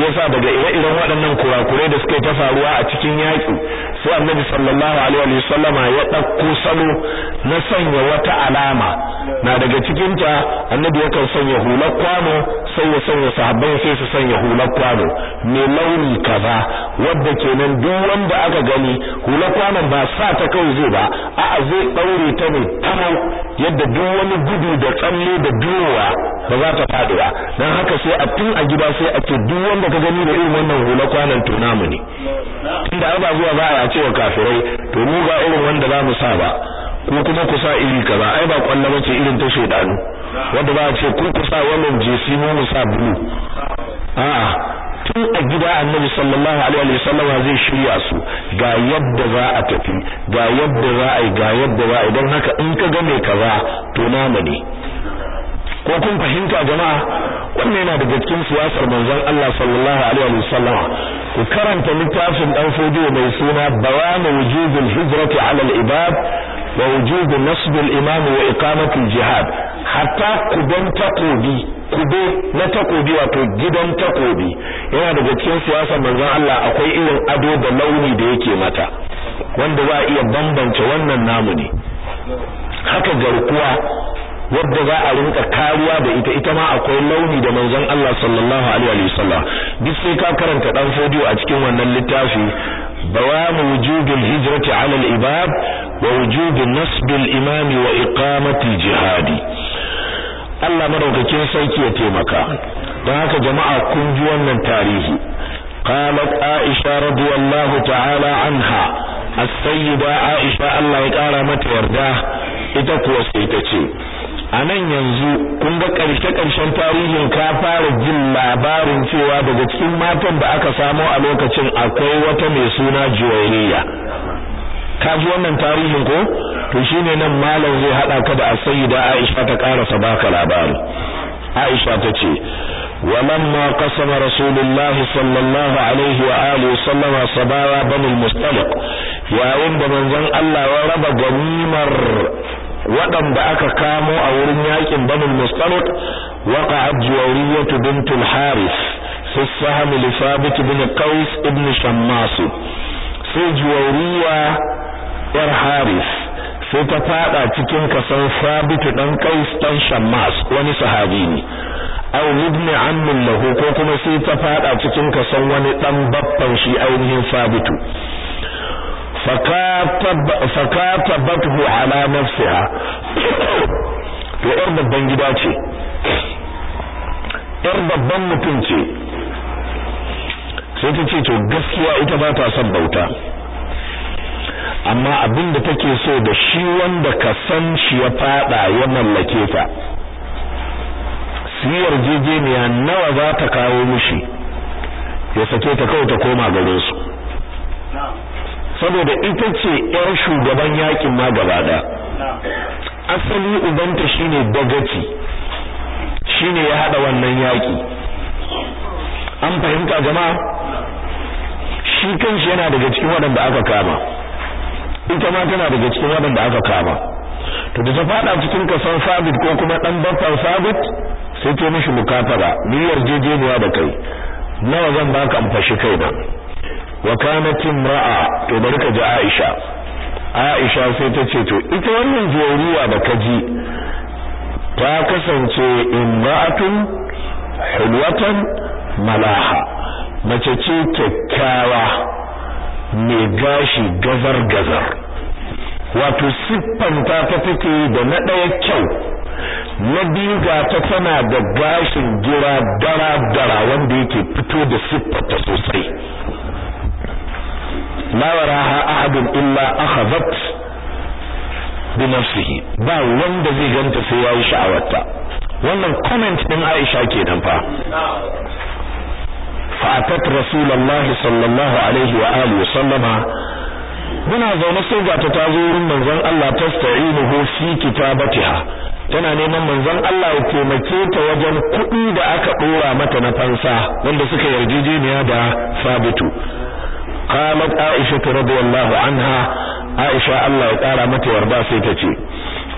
shi yasa daga ire-iren waɗannan kurakurai da suke ta faruwa a cikin yaƙi sai annabi sallallahu alaihi wa sallam ya ɗauko salo na sanya wata alama na daga cikin ta annabi yakan sanya hular kwano sai ya sanya sahabbai sai su sanya hular kwano mai launi kaza wanda kenan duk wanda aka gani hular kwanon ba sa ta kawai zai ba a'a zai ɗaure ta ne tamau yadda duk wani gudu da tsalle da durowa ba za ta faɗi ba don haka sai a tun a gida sai a ce duk wanda ka gani da irin wannan hula kwanan to ne inda ba zuwa ba a cewa kafirai to mu ga irin wanda za mu sa ba ko kuma ku sa iri kaza ai ba kwalla bace irin ta shedanu wanda ba a ce ku ku sa wannan jesi mu mu sa bulu a'a tun a gida annabi sallallahu alaihi wa sallam zai shirya su ga yadda za a tafi ga yadda za a yi ga yadda za a yi don haka in ka ga mai kaza to namu ne ko kun fahimta jama'a wannan yana daga cikin siyasar manzon Allah sallallahu alaihi sallam ku karanta littafin dan fodiyo mai suna bayan wujubul hijrati ala al ibad wa wujub nasb al imam wa iqamat al jihad hatta kudan takobi kudo na takobi wato gidan takobi yana daga cikin siyasar manzon Allah akwai irin ado da launi da yake mata wanda za a iya bambance wannan namu ne haka garkuwa yadda za a rinka kariya da ita ita ma akwai launi da manzon Allah sallallahu alaihi wasallam duk sai ka karanta dan fodiyo a cikin wannan littafi بوام وجوب الهجرة على الإباب ووجوب نصب الإمام وإقامة الجهاد الله مدوكاكين سيكي يتيمكا دهك جماعة كنجوا من تاريخ قالت عائشة رضي الله تعالى عنها السيدة عائشة الله يقال متورده ita kuwa sai ta ce a nan yanzu kun ga ƙarshe-ƙarshen tarihin ka fara jin labarin cewa daga cikin matan da aka samo a lokacin akwai wata mai suna juwairiya ka ji wannan tarihin ko to shine nan malam zai hada ka da asayida aisha ta karasa baka labari aisha ta ce walamma qasama rasulullah sallallahu alaihi wa alihi sallama sabawa banul mustaliq yayin da manzon Allah ya raba ganimar waɗanda aka kamo a wurin yakin banul mustalut waqa'at juwariyatu bint al fi sahm li thabit ibn qais ibn shammas sai juwariya war harith sai ta fada cikin kasan thabit dan qais dan shammas wani sahabi ne aw ibn ammin lahu ko kuma sai ta fada cikin kasan wani dan babban shi ainihin thabitu fakatabathu ala nafsiha to yar babban gida ce yar babban mutum ce sai ta ce to gaskiya ita ba ta son bauta amma abin da take so da shi wanda ka san shi ya fada ya mallake ta siyar jejeniya nawa za ta kawo mishi ya sake ta kawai ta koma gare su saboda ita ce yar shugaban yakin ma gaba da asali ubanta shine dagaci shine ya haɗa wannan yaki an fahimta jama'a shi kanshi yana daga cikin waɗanda aka kama ita ma tana daga cikin waɗanda aka kama to da ta fada cikin kasan sabit ko kuma dan baffan sabit sai ta mishi mukafara niyyar jejeniya da kai nawa zan baka amfashi kai ba wa kanat imra'a to bari ji Aisha Aisha sai ta ce to ita wannan joriya da ji ta kasance imra'atun hulwatan malaha mace ce kyakkyawa mai gashi gazar gazar wato siffanta ta take da na ɗaya kyau na biyu ga ta tana da gashin gira dara dara wanda yake fito da siffata sosai la waraha ahadun illa akhadhat bi nafsihi ba wanda zai ganta sai yayi sha'awarta wannan comment din Aisha kenan fa fa atat rasulullahi sallallahu alaihi wa alihi sallama muna zaune sai ga ta tazo wurin manzon Allah tasta'inuhu fi kitabatiha tana neman manzon Allah ya taimake ta wajen kuɗi da aka dora mata na fansa wanda suka yarjejeniya da sabitu qalat aisha radiyallahu anha aisha Allah ya kara mata yarda sai ta ce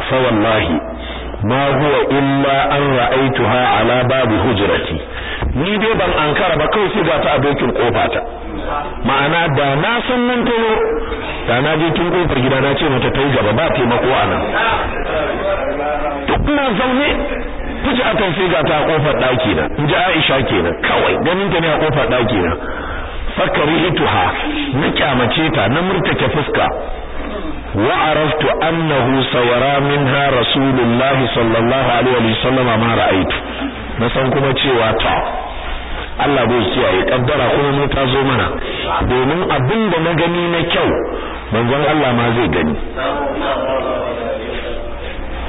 fa wallahi ma huwa illa an ra'aituha ala babi hujrati ni dai ban ankara ba kai sai ga ta abokin kofata ma'ana da na san mun tayo da na je kin kofar gida na ce mata tai gaba ba taimako anan duk na zaune kuji akan sai ga ta kofar daki na inji Aisha kenan kawai ganin ta ne a kofar daki na fakarihtuha na kyamace ta na murtake fuska wa araftu annahu sawara minha rasulullah sallallahu alaihi wa sallam ma ra'aytu na san kuma cewa ta Allah bai kiyaye kaddara kuma mu ta zo mana domin abin da na gani na kyau manzon Allah ma zai gani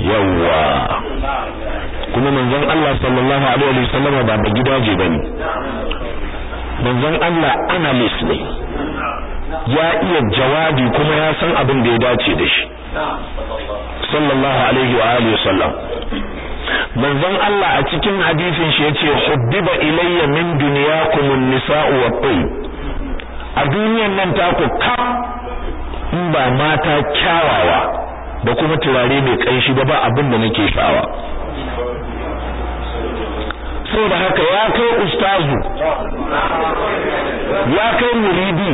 Yawa kuma manzon Allah sallallahu alaihi wa sallama ba da gidaje bane manzon Allah analyst ne ya iya jawabi kuma ya san abin da ya dace da shi sallallahu alaihi wa alihi wasallam manzon Allah a cikin hadisin shi yace hubbiba ilayya min dunyakum an-nisa'u wat a duniyan nan ta ku kam in ba mata kyawawa da kuma turare mai kanshi ba ba abin da nake sha'awa da haka ya kai ustazu ya kai muridi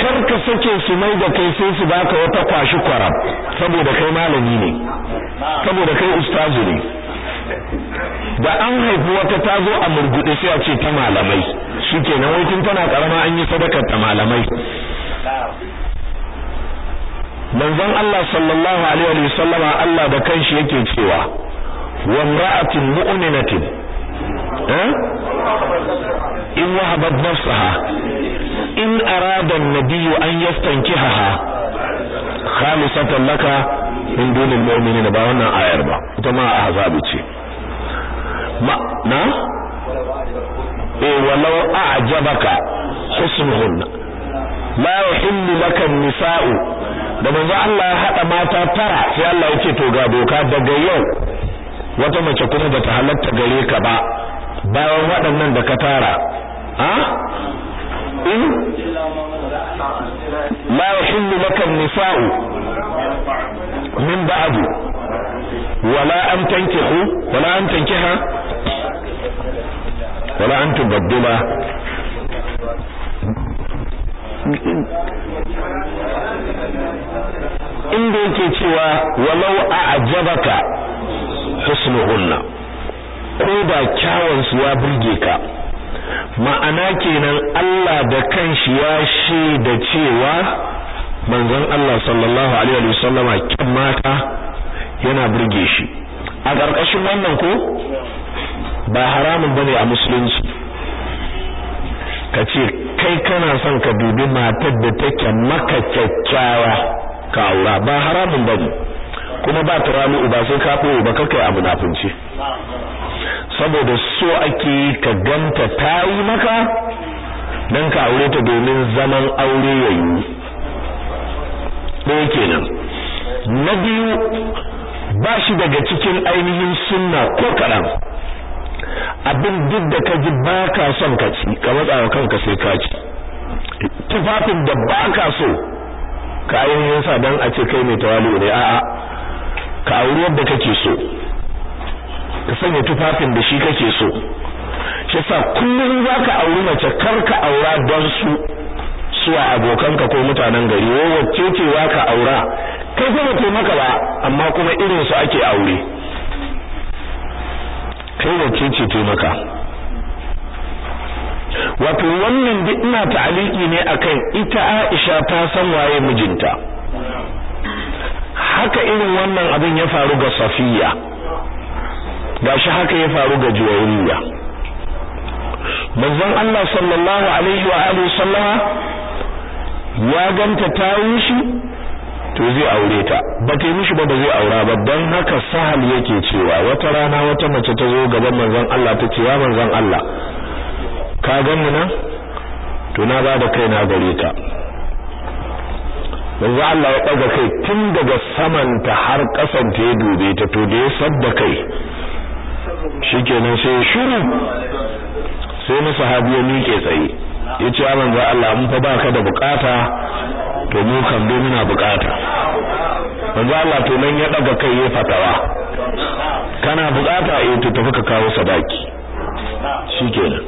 kar ka sake su mai da kai sai su baka wata kwashi kwaram saboda kai malami ne saboda kai ustazu ne da an haifu wata ta zo a murguɗe sai a ce ta malamai ke na tun tana karama an yi sadakar ta malamai manzon Allah sallallahu alaihi wasallama Allah da kanshi yake cewa wa imra'atin mu'minatin eh in wahabat nafsaha in arada an-nabiy an yastankihaha khalisatan laka min dunil mu'minina ba wannan ayar ba ita ma ahzabi ce ma na eh walau a'jabaka husnuhunna la yahillu laka nisa'u da manzo Allah ya hada mata tara sai Allah ya ce to ga doka daga yau wata mace kuma ta halatta gare ka ba bayan waɗannan da ka tara a in hmm? la yahillu laka nisa'u min ba'd wala an tankihu wala an tankiha wala an tubaddila inda yake cewa walau a ajabaka husnuhunna ko da kyawun su ya burge ka ma'ana kenan Allah da kanshi ya da cewa manzon Allah sallallahu alaihi wasallama kin mata yana burge shi a ƙarƙashin wannan ko ba haramun bane a musulunci kace kai kana son ka dubi matar da take maka kyakkyawa ka aura ba haramun bane kuma ba ta rami uba sai ka koyi ba kai abu nafinci saboda so ake ka ganta ta yi maka dan ka aure ta domin zaman aure yayi ɗaya kenan na biyu ba shi daga cikin ainihin sunna ko kaɗan abin duk da ka ji ba ka son ka ci ka matsa wa kanka sai ka ci tufafin da ba ka so ka ainihin sa dan a ce kai mai tawali ne a'a ka auri yadda kake so ka sanya tufafin da shi kake so shi yasa kullum zaka auri mace kar ka aura don su suwa abokanka ko mutanen gari wacce ce ka aura kai kuma ke maka ba amma kuma irin su ake aure kai wacce ce te maka wato wannan duk ina ta'aliki ne akan ita Aisha ta san waye mijinta haka irin wannan abin ya faru ga safiya ga shi haka ya faru ga juwariya manzon Allah sallallahu alaihi wa alihi sallama ya ganta ta yi shi to zai aure ta ba ta yi mishi ba ba zai aura ba dan haka sahal yake cewa wata rana wata mace ta zo gaban manzon Allah ta ce ya manzon Allah ka ganni na to na ba da kaina gare ka yanzu Allah ya ɗaga kai tun daga samanta har ta ya dube ta to da ya sadda kai shi shikenan sai shuru shiru sai na sahabi ya miƙe tsaye ya ce ya manzo Allah mun fa baka da bukata to mu kan bi muna bukata manzo Allah to nan ya ɗaga kai ya fatawa kana bukata eh to tafi ka kawo sadaki shi shikenan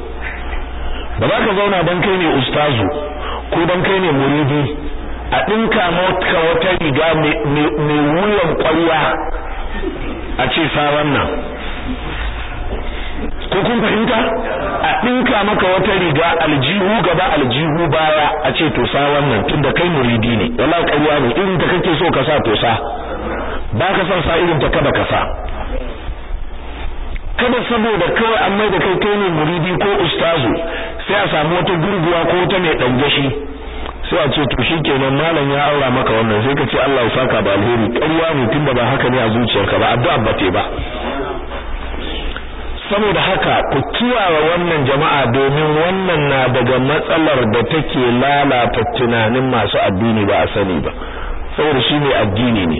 ba za ka zauna don kai ne ustazu ko don kai ne muridi a ɗinka maka wata riga mai wuyan ƙwarya a ce sabon nan ko kun fahimta a ɗinka maka wata riga aljihu gaba aljihu baya a ce to sabon nan tunda kai muridi ne wallahi ƙarya ne irin ta kake so ka sa to sa ba ka san sa irin ta kada ka sa kada saboda kawai an mai da kai kai ne muridi ko ustazu sai a samu wata gurguwa ko wata mai ɗangashi sai a ce to kenan malam ya aura maka wannan sai ka ce Allah ya saka ba alheri ƙarya ne tunda ba haka ne a zuciyarka ba addu'a ba ba saboda haka ku kiyaye wannan jama'a domin wannan na daga matsalar da take lalata tunanin masu addini ba a sani ba saboda shi ne addini ne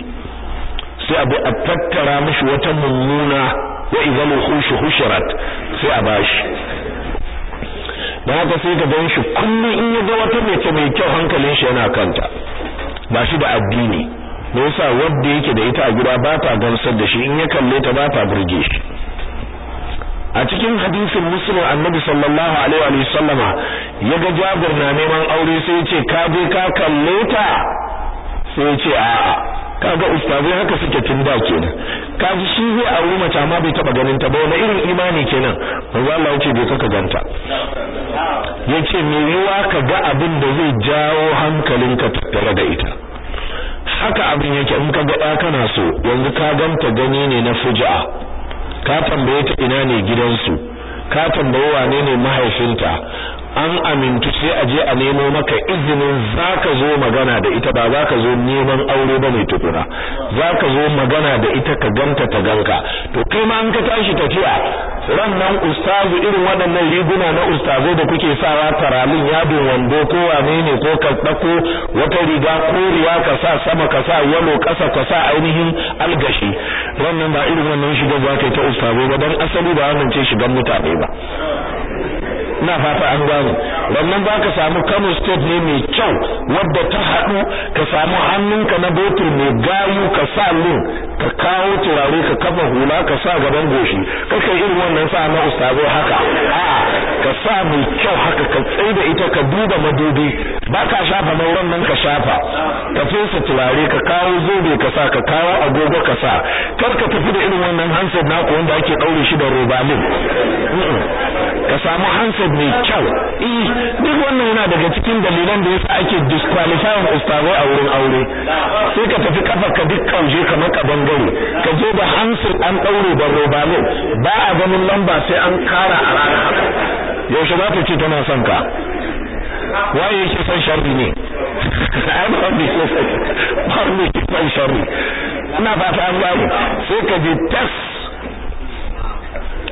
sai abu a tattara mishi wata mummuna wa idhal khushu hushirat sai a bashi da haka sai ka gan shi kullum in ya ga wata mace mai kyau hankalin shi yana kanta ba shi da addini me yasa wanda yake da ita a gida ba ta gamsar da shi in ya kalle ta ba ta burge shi a cikin hadisin muslim annabi sallallahu alaihi wa sallama ya ga jabir na neman aure sai ya ce ka je ka kalle ta sai ya ce a'a kaga ustazai haka suke tun da kenan kaji shi zai auri mace amma bai taba ganin ta ba wani irin imani kenan manzo Allah yace bai saka ganta yace me yiwa ka ga abin da zai jawo hankalinka tattare da ita haka abin yake in ka ga kana so yanzu ka ganta gani ne na fuja'a ka tambaye ta ina ne gidansu ka tambaye wane ne mahaifinta an amintu sai a je a nemo maka izinin zaka zo magana da ita ba zaka zo neman aure ba mai tukuna zaka zo magana da ita ka ganta ta ganka to kai ma an ka tashi tafiya ran ustazu irin waɗannan riguna na ustazai da kuke sawa taralin don wando ko wane ne ko ka dako wata riga koriya ka sa sama ka sa yalo kasa ka sa ainihin algashi ran nan ba irin wannan zaka yi ta ustazai ba dan asali ba wannan ce shigan mutane ba ina fata an gane wannan ba ka samu Kano state ne mai kyau wadda ta haɗu ka samu hannunka na botul mai gayu ka sa lin ka kawo turare ka kafa hula ka sa gaban goshi kaka irin wannan sa na ustazo haka a'a ka sa mai kyau haka ka tsaye da ita ka duba madubi ba ka shafa mauran nan ka shafa ka fesa turare ka kawo zobe ka sa ka kawo agogo ka sa kar ka tafi da irin wannan handset naku wanda ake ɗaure shi da robalin ka samu handset mai kyau duk wannan yana daga cikin dalilan da yasa ake disqualifying ustazai a wurin aure sai ka tafi kafa ka duk kauje kamar ka bangare ka je da hansul an daure da robalo ba a ganin lamba sai an kara a rana yaushe za ta ce tana son ka waye yake son sharri ne ai ba wanda yake son sharri ina fata an gano sai ka ji tas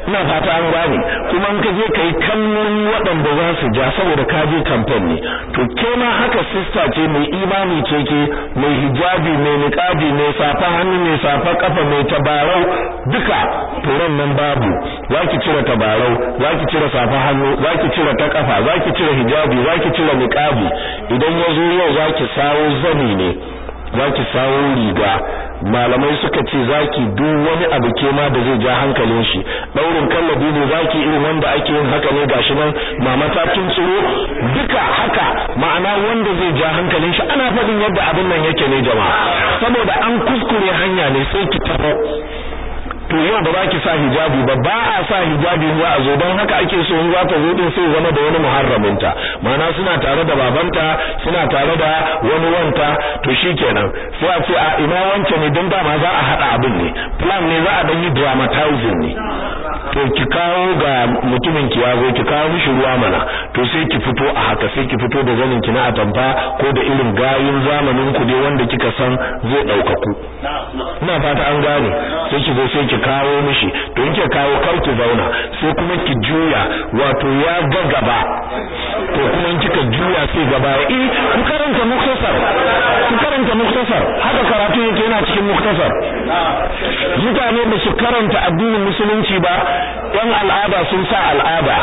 ina fata an gane kuma in ka je kai kallon waɗanda za su ja saboda ka je campaign ne to ke ma haka sista ce mai imani ce ke mai hijabi mai niqabi mai safa hannu mai safa kafa mai tabarau duka to nan babu zaki cire tabarau zaki cire safa hannu zaki cire ta kafa zaki cire hijabi zaki cire niqabi idan yazo yau zaki sawo zani ne ki sawo riga malamai suka ce zaki duk wani abu ke ma da zai ja hankalin shi daurin kallabi ne zaki irin wanda ake yin haka ne gashi nan ma matakin tsoro duka haka ma'ana wanda zai ja hankalin shi ana faɗin yadda abin nan yake ne jama'a saboda an kuskure hanya ne sai ki taho to yau ba za ki sa hijabi ba ba a sa hijabi za a zo don haka ake so in za ta zo din sai zama da wani muharraminta ma'ana suna tare da babanta suna tare da wani wanta to shikenan sai a ce a ina wance ne dan dama za a hada abin ne plan ne za a dan yi dramatizing ne to ki kawo ga mutumin ki ya zo ki kawo mishi ruwa mana to sai ki fito a haka sai ki fito da zanin ki na atamfa ko da irin gayin zamanin ku dai wanda kika san zai dauka ku ina fata an gane sai ki zo sai ki kawo mishi to in kika kawo kar ki zauna sai kuma ki juya wato ya ga gaba to kuma in kika juya sai gaba ya yi eh, ku karanta muktasar ku karanta muktasar haka karatu yake yana cikin muktasar mutane ba su karanta addinin musulunci ba yan al'ada sun sa al'ada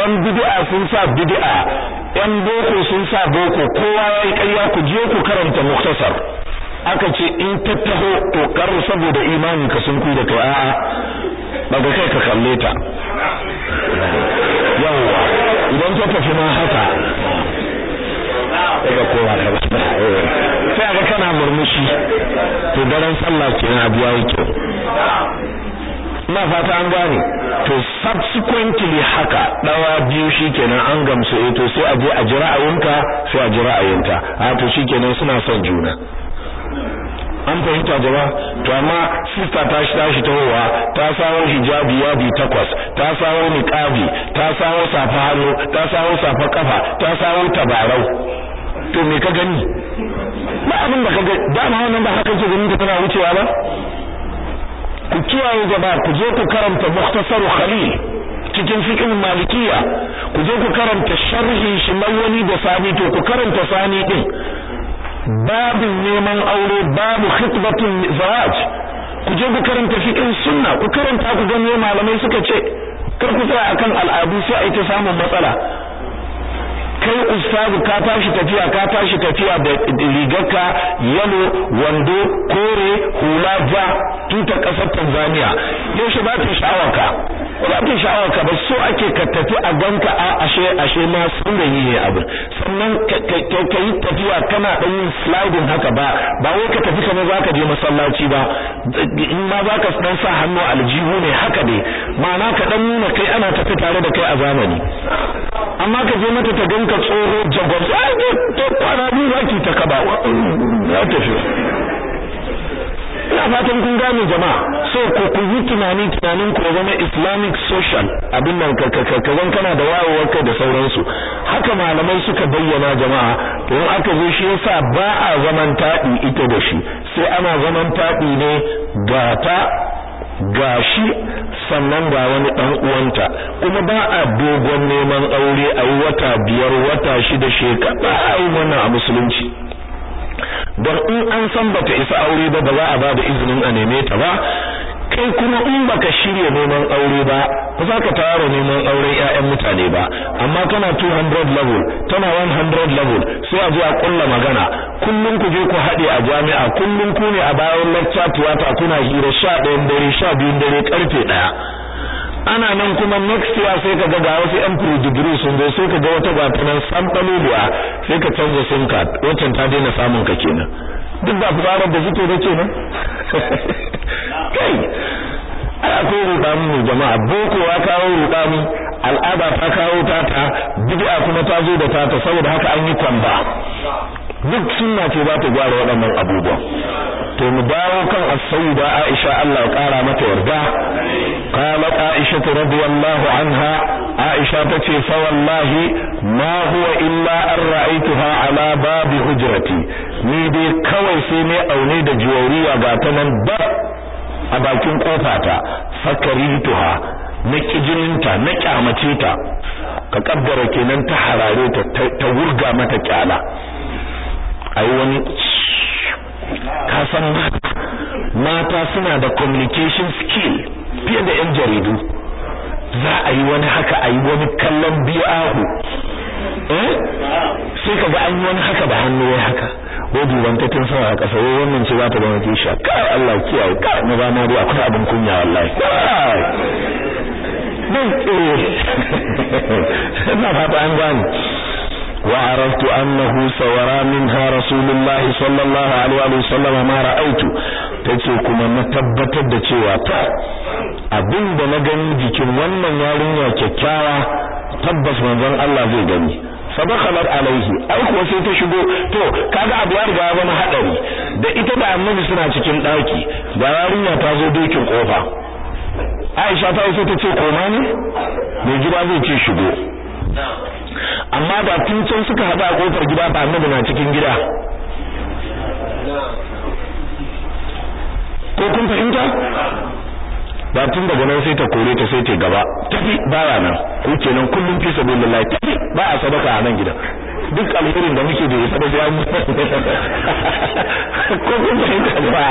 yan bid'a sun sa bid'a yan boko sun sa boko kowa ya yi ƙarya ku je ku karanta muktasar aka ce in ta taho to saboda imanin ka sun kuyi da kai a'a daga kai ka kalle ta yawa idan ta tafi ma haka daga kowa ka sai ga kana murmushi to daren sallah kenan na biya yake ina fata an gane to subsequently haka dawa biyu shikenan an gamsu eh to sai a je a ji ra'ayinka sai a ji ra'ayinta a to shikenan suna son juna an fahimta jama'a to amma sista ta shi tashi tahowa ta sawo hijabi bi takwas ta sawo niqabi ta sawo safa hannu ta sawo safa kafa ta sawo tabarau to me ka gani ba abin da ka ga ma wannan ba haka ke gani ta tana wucewa ba ku kiyaye gaba ku je ku karanta mukhtasar khalil cikin fikin malikiya ku je ku karanta sharhi shimawani da sani to ku karanta sani din Babu neman aure babu khitbatul zawaj ku je ku karanta fiqh sunna ku karanta ku gano malamai suka ce kar ku tsaya akan al'adu sai a yi ta samun matsala kai ustazu ka tashi tafiya ka tashi tafiya da rigarka yalo wando kore hula ja tutar kasar Tanzania Yau yaushe ba ta sha'awarka ko za ta sha'awar ka ba so ake ka tafi a ganka a ashe ashe ma sun da yi abu sannan ka yi tafiya kana ɗan yin sliding haka ba ba wai ka tafi kamar ka je masallaci ba in ma ka dan sa hannu aljihu ne haka ne ma'ana ka dan nuna kai ana tafi tare da kai a zamani amma ka je mata ta ganka tsoho jagwab ta kwana biyu za ki ta kaba ya tafi ina fatan kun gane jama'a so ko ku yi tunani tunanin ku zama islamic social abin nan ka ka ka kana da wayewar kai da sauransu haka malamai suka bayyana jama'a to in aka zo shi yasa ba a zaman taɗi ita da shi sai ana zaman taɗi ne ga ta ga shi sannan ga wani dan uwanta kuma ba a dogon neman aure a wata biyar wata shida shekara a yi wannan a musulunci don in an san bata isa aure ba ba za a bada izinin a neme ta ba kai kuma in baka shirya neman aure ba ba za ka tara neman aure yayan mutane ba amma tana 200 level tana 100 level sai a zo a kulla magana kullum ku je ku haɗe a jami'a kullum ku ne a bayan lecture ta kuna hira 11 dare 12 dare karfe ɗaya ana nan kuma next year sai ka ga ga wasu yan pre degree sun zo sai ka ga wata san sambaloluwa sai ka canza sim card wancan ta daina samun ka kenan duk ba fitsarar da suke da kenan kai ana ko ruɗa mu jama'a boko ya kawo ruɗa mu al'ada ta kawo tata bid'a kuma ta zo da tata saboda haka an yi kwamba duk sunna ce za ta gyara waɗannan abubuwan to mu dawo kan as-sayyida Aisha Allah ya kara mata yarda قالت عائشة رضي الله عنها عائشة تتي فوالله ما هو إلا أن رأيتها على باب هجرتي نيدي كوي سيني أو نيد جوارية غاتنا بر أباكين قوفاتا فكريتها نكي جننتا نكي عمتيتا كقدر كنن تحراريتا تورغا متكالا أي وني kasan mata suna da communication skill fiye da yan jaridu za a yi wani haka a yi wani kallon ahu eh sai kaga an yi wani haka da hannu ya haka wadu dubanta tun sama a ƙasa wai wannan ce za ta zama kisha kawai Allah kiyaye ka na ba na ruwa akwai abin kunya wallahi dan eh na fata an gani وعرفت أنه سورى منها رسول الله صلى الله عليه وسلم ما رأيت tace kuma na tabbatar da cewa ta abin da na gani jikin wannan yarinya kyakkyawa tabbas manzon Allah zai gani sabakalar alaihi ai kuwa sai ta shigo to kaga abu ya riga zama hadari da ita da annabi suna cikin daki da yarinya ta zo dokin kofa Aisha ta yi sai ta ce koma ne mai gida zai ce shigo amma ba tun can suka haɗa a ƙofar gida ba annabi na cikin gida ko kun fahimta ba tun daga nan sai ta kore ta sai ta gaba tafi baya nan ko kenan kullum fi sabilillah tafi ba a sadaka a nan gida duk alherin da muke da ya sadaka ya mu ko kun fahimta ba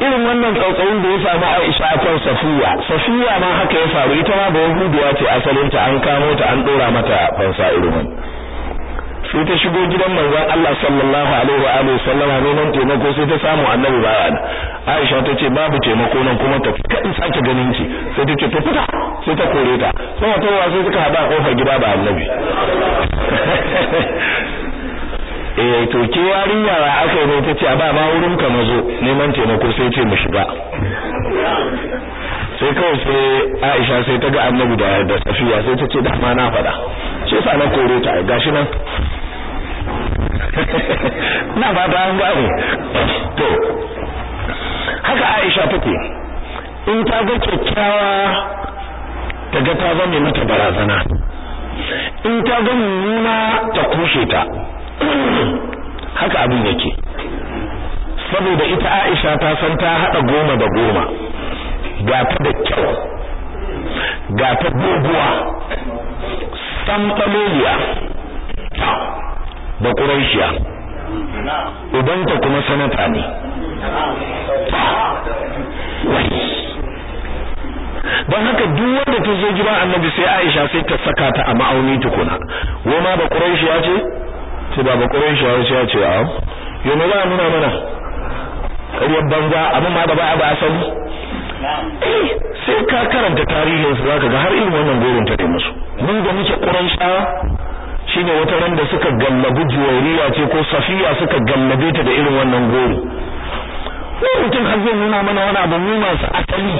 irin wannan tsautsayin da ya samu Aisha a kan Safiya Safiya ma haka ya faru ita ma ba Yahudiya ce asalin ta an kamo ta an dora mata fansa irin wannan sai ta shigo gidan manzon Allah sallallahu alaihi wa alihi sallama neman taimako sai ta samu Annabi baya da Aisha ta ce babu taimako nan kuma ta in sake ganin ki sai ta ce ta fita sai ta kore ta sai ta sai suka a kofar gida ba Annabi eh to ke yarinya ba aka yi ne ta ce ba ma wurin ka mazo neman taimako sai ce mu shiga sai kawai sai Aisha sai ta ga Annabi da da Safiya sai ta ce da ma na faɗa sai sa na kore ta gashi nan na ba ba an gano to haka Aisha take in ta ga kyakkyawa ta ga ta zama mata barazana in ta ga mummuna ta kushe ta haka abin yake saboda ita Aisha ta san ta hada goma da goma ga ta da kyau ga ta doguwa samfamiliya da ƙuraishiya idan ta kuma sanata ne don haka duk wanda ta zo gidan annabi sai aisha sai ta saka ta a ma'auni tukuna ma ba ƙuraishiya ce sai ba bakurin shi ya ce a Yanzu za a nuna mana ƙaryar banza abin ma da ba a ba asali sai ka karanta tarihin su zaka ga har irin wannan goron ta musu mun da muke ƙuran shine wata ran da suka gallabi juwariya ce ko safiya suka gallabe ta da irin wannan goro ko mutum har zai nuna mana wani abu mu masu asali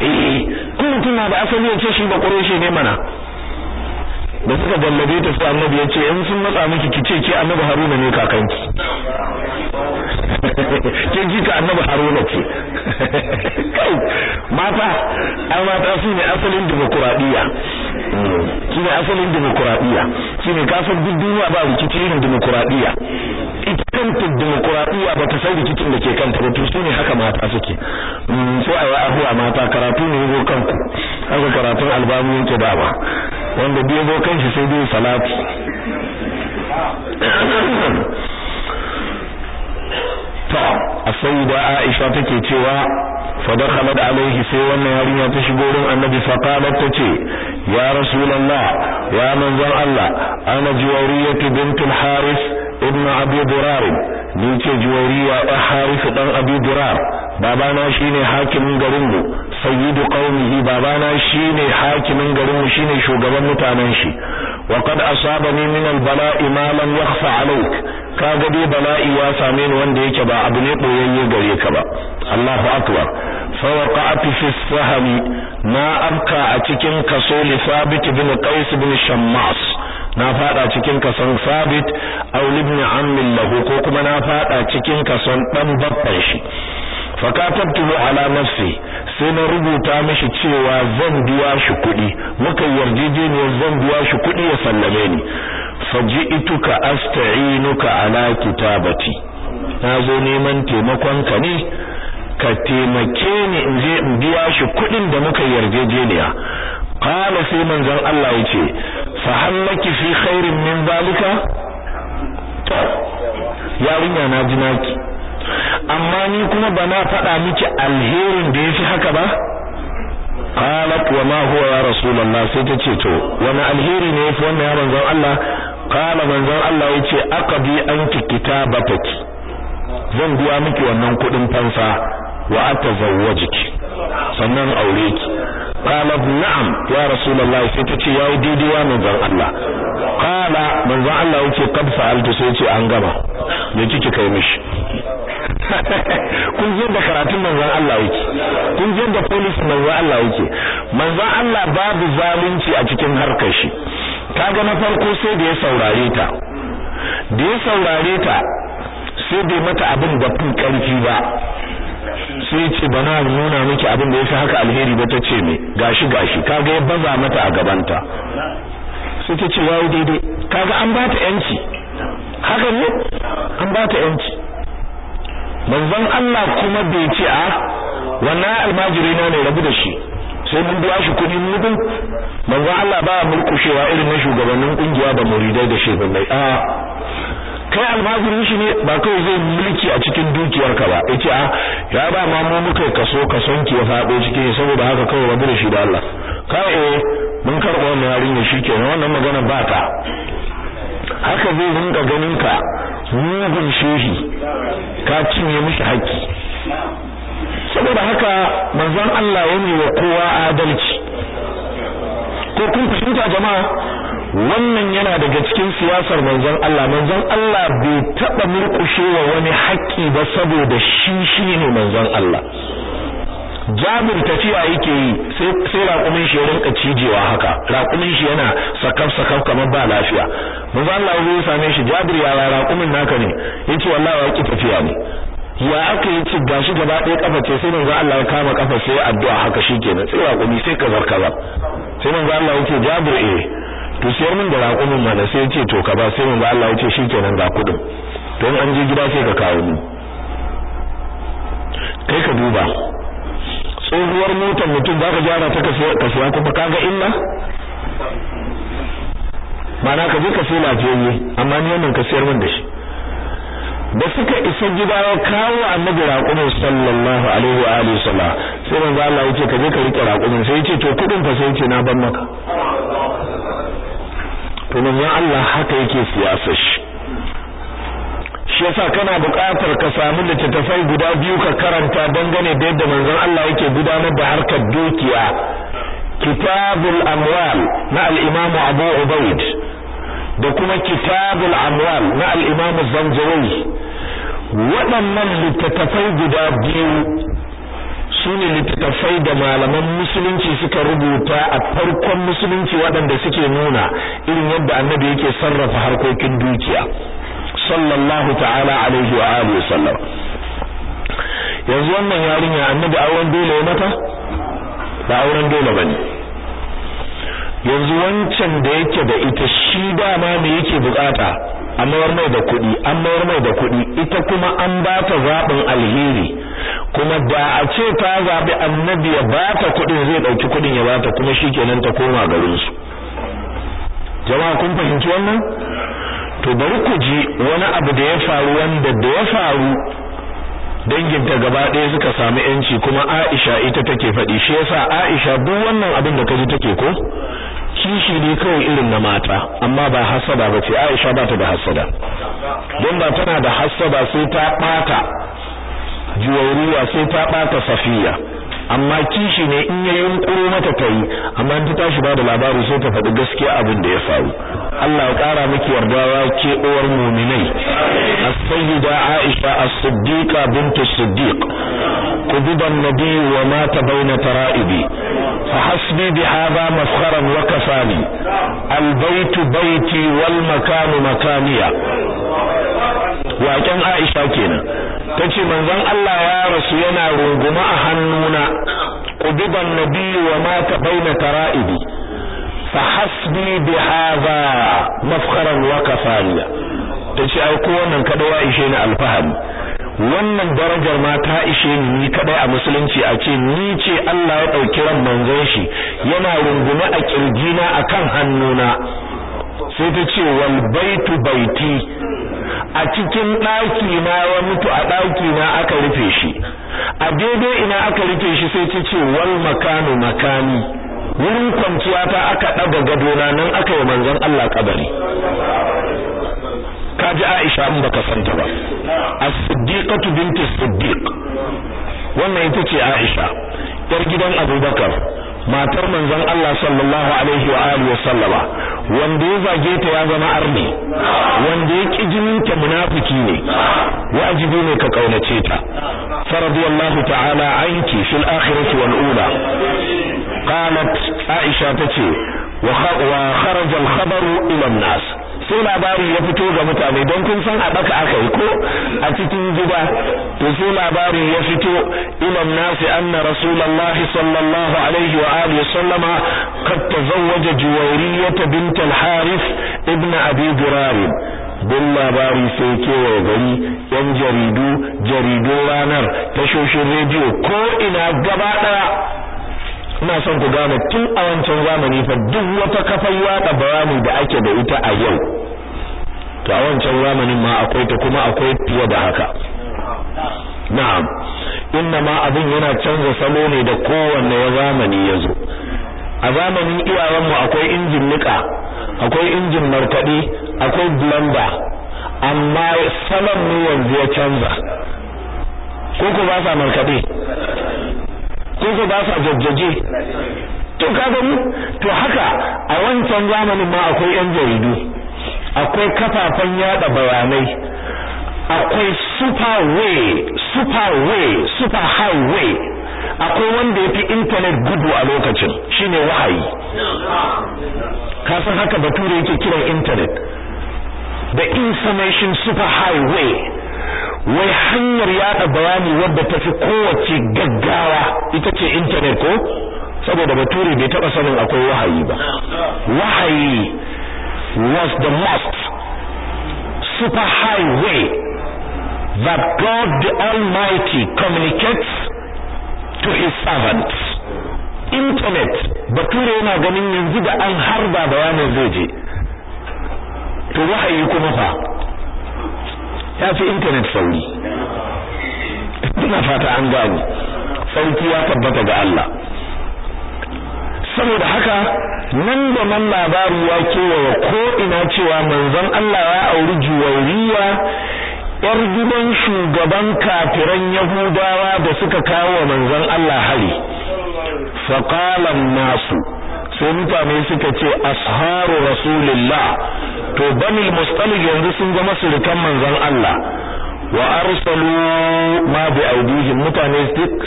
eh ko mutum na da asali ya ce shi ba ƙureshi ne mana da suka gallabe ta su annabi ya ce in sun matsa miki ki ce ki annabi haruna ne kakanki ke ji ka annabi haruna ce mata ai mata su ne asalin dimokuraɗiyya shine asalin demokuraɗiyya shine kafin duk duniya ba rikici irin demokuraɗiyya ita kanta demokuraɗiyya ba ta san rikicin da ke kanta ba to shine haka mata suke mm, so a yi ahuwa mata karatu ne zo kanku haka karatun albamu yake da ba wanda biyo zo kanshi sai dai salati to asaida aisha take cewa fa dakhalat alaihi sai wannan yarinya ta shigo wurin annabi fa tace ya rasulullah ya manzon Allah ana juwariyatu bint al-haris ibn abi durar ni ce juwariya ɗan haris dan abi durar babana shine hakimin garin mu sayyidu qaumihi babana shine hakimin garin mu shine shugaban mutanen shi wa qad asabani min al-bala'i ma lam yakhfa alayk kaga dai bala'i ya same ni wanda yake ba abu ne boyayye gare ka ba Allahu akbar fa waqa'at fi sahmi na abka a cikin kaso li sabit bin qais bin shammas na fada cikin kason sabit aw ibn amm lahu ko kuma na fada cikin kason dan babban shi fa katabtu ala nafsi sai na rubuta mishi cewa zan biya shi kuɗi muka yarjejeniyar zan biya shi kuɗi ya sallame ni ituka asta'inuka ala kitabati na zo neman taimakon ka ne ka taimake ni in je in biya shi kuɗin da muka yarjejeniya qala sai manzon Allah yace fa hallaki fi khairin min zalika yarinya na ji naki amma ni kuma ba na faɗa miki alherin da yafi haka ba qalat wa ma huwa ya rasulullah sai ta ce to wani alheri ne yafi wannan ya manzon Allah qala manzon Allah yace aqdi anki kitabataki zan biya miki wannan kudin fansa wa atazawwajuki sannan aure ki qalat na'am ya rasulullah sai ta ce yayi daidai mun zan Allah qala zan Allah yake qad fa'altu sai ce an gama me kike kai mishi kun je da karatun manzon Allah yake kun je da police manzon Allah yake manzon Allah babu zalunci a cikin harkar shi kaga na farko sai da ya saurare ta da ya saurare ta sai bai mata abin da fin karfi ba sai ce bana nuna miki abin da yafi haka alheri ba ta ce me gashi gashi kaga ya baza mata a gabanta sai ta ce yayi daidai kaga an ba ta yanci haka ne an ba ta yanci manzon Allah kuma bai ce a wannan almajiri na ne rabu da shi sai mun biya shi kudin mudin manzon Allah ba mulkushewa irin na shugabannin kungiya da muridai da shehunai a kai almajirin shi ne ba kawai zai mulki a cikin dukiyarka ba yace a ah, ya ba ma kaso kason ki ya fado cikin saboda haka kawai rabu da shi da Allah kai eh mun karɓo wannan ne shikenan wannan magana ba ta haka zai rinka ganin ka mugun shehi ka cinye mishi haƙƙi saboda haka manzon Allah yana wa kowa adalci ko kun fahimta jama'a wannan yana daga cikin siyasar manzon Allah manzon Allah bai taba murkushewa wani haƙƙi ba saboda shi shine manzon Allah Jabir tafiya yake yi sai sai raƙumin shi ya rinka cijewa haka raƙumin shi yana sakaf sakaf kamar ba lafiya manzon Allah ya same shi Jabir ya raƙumin naka ne yace wallahi ya tafiya ne ya aka yi ci gashi gaba ɗaya kafa ce sai manzo Allah ya kama kafa sai addu'a haka shikenan sai raƙumi sai kazar kazar sai manzo Allah yake Jabir eh to siyar min da raƙumin mana sai ya ce to ka ba sai mun ga Allah ya ce shikenan ga kuɗin to in an je gida sai ka kawo ni kai ka duba tsohuwar motar mutum za ka gyara ta ka siya kuma ka ga illa mana ka je ka sai lafiyayye amma ni wannan ka siyar min da shi da suka isa gida ya kawo annabi raƙumin sallallahu alaihi wa alihi sallam sai manzo Allah ya ce ka je ka rike raƙumin sai ya ce to kuɗin fa sai ya ce na ban maka to ya Allah haka yake siyasar shi shi yasa kana buƙatar ka samu littattafai guda biyu ka karanta dangane da yadda manzon Allah yake gudanar da harkar dukiya kitabul amwal na al-imam Abu Ubaid da kuma kitabul amwal na al-imam Zanjawi waɗannan littattafai guda biyu su ne littattafai da malaman musulunci suka rubuta a farkon musulunci waɗanda suke nuna irin yadda annabi yake sarrafa harkokin dukiya sallallahu ta'ala alaihi wa alihi sallam yanzu wannan yarinya annabi auren dole ya mata ba auren dole bane yanzu wancan da yake da ita shi dama me yake bukata a mayar mai da kuɗi an mayar mai da kuɗi ita kuma an ba ta zaɓin alheri kuma da a ce ta zaɓi annabi ya ta kuɗin zai ɗauki kuɗin ya ba ta kuma shi shikenan ta koma garin su jama'a kun fahimci wannan to bari ku ji wani abu da ya faru wanda da ya faru danginta gaba ɗaya suka samu yanci kuma Aisha ita take faɗi shi yasa Aisha duk wannan abin da kaji take ko kishi ne kawai irin na mata amma ba hasada ba ce Aisha ba ta da hasada don ba tana da hasada sai ta ɓata juwairiya sai ta ɓata safiya amma kishi ne in ya yunkuro mata tayi amma in ta tashi ba da labari sai ta faɗi gaskiya abin da ya faru Allah ya ƙara miki yardawa ke uwar muminai as-sayyida Aisha as-siddiqa bint as-siddiq qubida an-nabi wa ta bayna tara'ibi fa hasbi bi hadha maskharan wa kafani al-bayt bayti wal makan makaniya waƙen Aisha kenan ta ce manzon Allah ya rasu yana runguma a hannuna na biyu wa mata na tara'ibi fa hasbi bi hadha mafkharan wa kafaniya tace ai ko wannan kada ya ishe ni alfahari wannan darajar ma ta ishe ni ni kadai a musulunci a ce ni ce Allah ya ɗauki ran manzon shi yana rungume a kirgina akan hannuna sai ta ce wal baitu baiti a cikin ɗaki na ya mutu a ɗaki na aka rufe shi a daidai ina aka rufe shi sai ta ce wal makanu makani wurin kwanciya ta aka ɗaga na nan aka yi manzon Allah kabari ka ji Aisha in baka santa ba as-siddiqatu binti siddiq wannan ita ce Aisha yar gidan Abubakar matar manzon Allah sallallahu alaihi wa alihi wasallama wanda ya zage ta ya zama arni wanda ya ki jininta munafuki munafiki ne wajibi ne ka kaunace ta faradiyallahu ta'ala anki fil akhirati wal ula qalat aisha tace wa kharaja al khabaru ila nas sai labari ya fito ga mutane don kun san a ɗaka aka yi ko a cikin zuba? to sai labari ya fito ilan nasi anna rasulullahi sallallahu alaihi wa alihi sallama qad tazawwaja juwayriyata bint al Haris ibn abi dirar don labari sai kewaye gari yan jaridu jaridun ranar tashoshin rediyo ko ina gaba ina son ku gane tun a wancan zamani fa duk wata kafar yada bayani da ake da ita a yau to a wancan zamanin ma akwai ta kuma akwai fiye da haka na'am inna ma abin yana canza salo ne da kowanne ya zamani ya zo a zamanin iyayenmu akwai injin nika akwai injin markaɗe akwai blender amma salon ne yanzu ya canza ko ba sa markaɗe ko ba sa jajjaje to kaga mu to haka a wancan zamanin ma akwai yan jaridu akwai kafafen yada bayanai akwai superway superway super highway akwai wanda ya fi internet gudu a lokacin shine wahayi kasan haka bature yake kiran internet the information super highway wai hanyar yada bayani wadda tafi kowace gaggawa ita ce internet ko saboda bature bai taba sanin akwai wahayi ba wahayi was the most super highway that God the Almighty communicates to his servants. Internet, bature yana ganin yanzu da an harba bayanin zai je. To wahayi kuma fa, ya fi internet sauri. Ina fata an gano, sauki ya tabbata ga Allah. saboda haka nan da nan labari ya kewaye ko ina cewa manzon Allah ya auri juwairiya yar gidan shugaban kafiran yahudawa da suka kawo wa manzon Allah hari qala nasu sai mutane suka ce asharu rasulullah to bani mustalij yanzu sun zama surukan manzon Allah wa arsalu ma bi aidihim mutane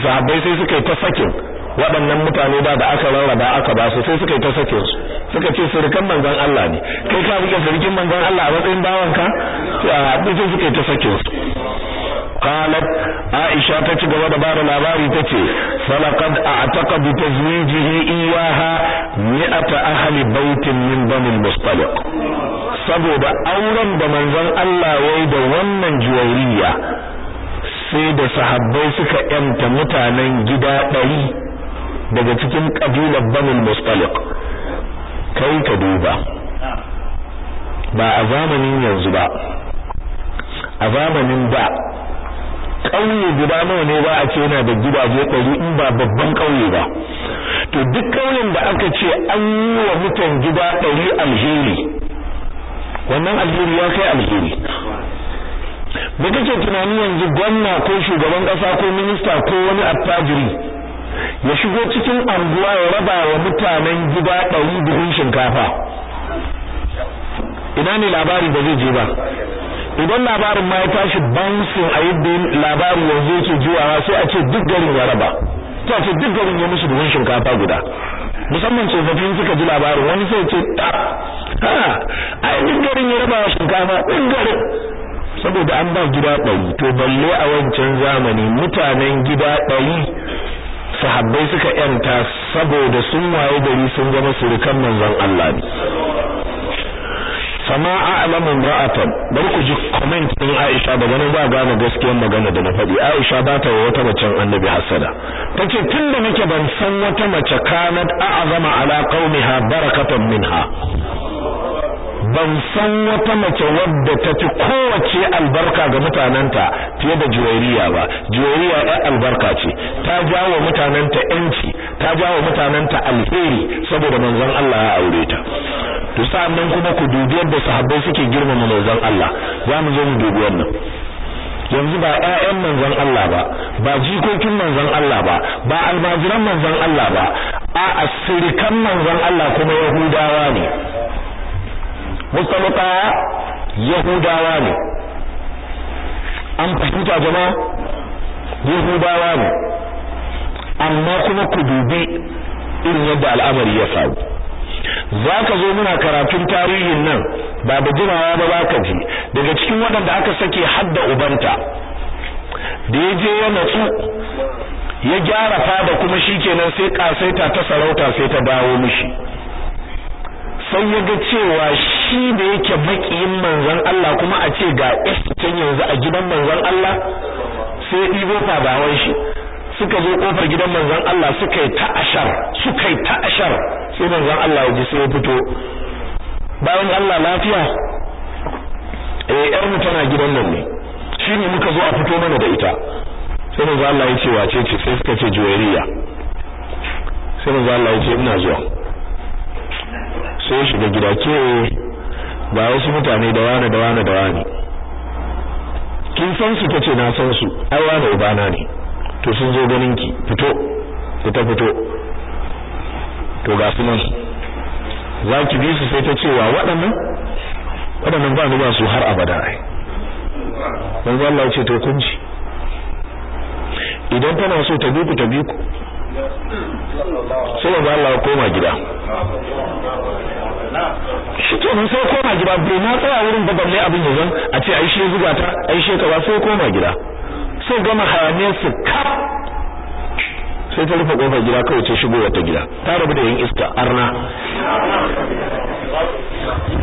sahabbai sai suka yi ta sakin waɗannan mutane da da aka rarraba aka ba su sai suka yi ta sake su suka ce surukan manzon Allah ne kai ka buƙe surukin manzon Allah a matsayin bawanka sai suka yi ta sake su Aisha ta da قالت عائشة تجب دبار الأباري iya فلقد اعتقد بتزويجه ta مئة أهل بيت min بني المصطلق saboda auren da manzon Allah yayi da wannan juwayriya sai da sahabbai suka yanta mutanen gida ɗari daga cikin kabilar banul mustaliq kai ka duba ba a zamanin yanzu ba a zamanin da ƙauye guda nawa ne ba a ce yana da gidaje ɗari in ba babban ƙauye ba to duk ƙauyen da aka ce an yi wa mutan gida ɗari alheri wannan alheri ya kai alheri da kake tunani yanzu gwamna ko shugaban ƙasa ko minista ko wani attajiri ya shigo cikin anguwa ya raba wa mutanen gida ɗari buhun shinkafa ina ne labari da zai je ba idan labarin ma ya tashi bansin a yadda labari yanzu yake juwa sai a ce duk garin ya raba ta ce duk garin ya musu buhun shinkafa guda musamman tsofaffin suka ji labarin wani sai ce ta ha ai duk garin ya raba shinkafa duk garin saboda an ba gida ɗari to balle a wancan zamani mutanen gida ɗari sahabbai suka yanta saboda sun waye gari sun zama surukan manzon Allah ne sama a'lamu ra'atan bar ku ji comment din Aisha daga nan za gane gaskiyar magana da na faɗi Aisha ba ta wata macen Annabi Hassada tace tunda nake ban san wata mace kanat a'zama ala qaumiha barakatan minha ban san wata mace wadda ta ci kowace albarka ga mutanenta fiye da juwairiya ba juwairiya ɗan albarka ce ta jawo mutanenta yanci ta jawo mutanenta alheri saboda manzon Allah ya aure ta to nan kuma ku dubi yadda sahabbai suke girmama manzon Allah za mu zo mu dubi wannan yanzu ba ƴaƴan manzon Allah ba ba jikokin manzon Allah ba ba almajiran manzon Allah ba a asirikan manzon Allah kuma yahudawa ne mustaluka yahudawa ne an fahimta jama'a yahudawa ne amma kuma ku dubi irin yadda al'amari ya faru za ka zo muna karatun tarihin nan ba da jimawa ba ka ji daga cikin waɗanda aka sake hadda ubanta da ya je ya natsu ya gyara fada kuma shi kenan sai kasaita ta sarauta sai ta dawo mishi sai ya ga cewa shi da yake makiyin manzon Allah kuma a ce ga can yanzu a gidan manzon Allah sai ya ɗibo fadawan shi suka zo kofar gidan manzon Allah suka yi ta'ashar suka yi ta'ashar sai manzon Allah ya ji sai ya fito bayan Allah lafiya eh yar mu tana gidan nan ne Shi ne muka zo a fito mana da ita sai manzon Allah ya ce wace ce sai suka ce juwariya sai manzon Allah ya ce ina zuwa sai ya shiga gida ke ba wasu mutane da wani da wani da wani kin san su tace na san su ai wani ubana ne to sun zo ganin ki fito ta fito to ga su nan za ki bi su sai ta ce wa waɗannan waɗannan ba ni ba su har abada ai manzo Allah ya ce to kun ji idan tana so ta bi ku ta bi ku sai Allah ya koma gida shi sai koma gida bai na tsaya wurin babban balle abin yanzu a ce ai shi zuga ta ai shi kaza sai koma gida sai gama hayaniyar su ka sai ta rufe kofar gida kawai ce shigo wata gida ta rabu da yin iska arna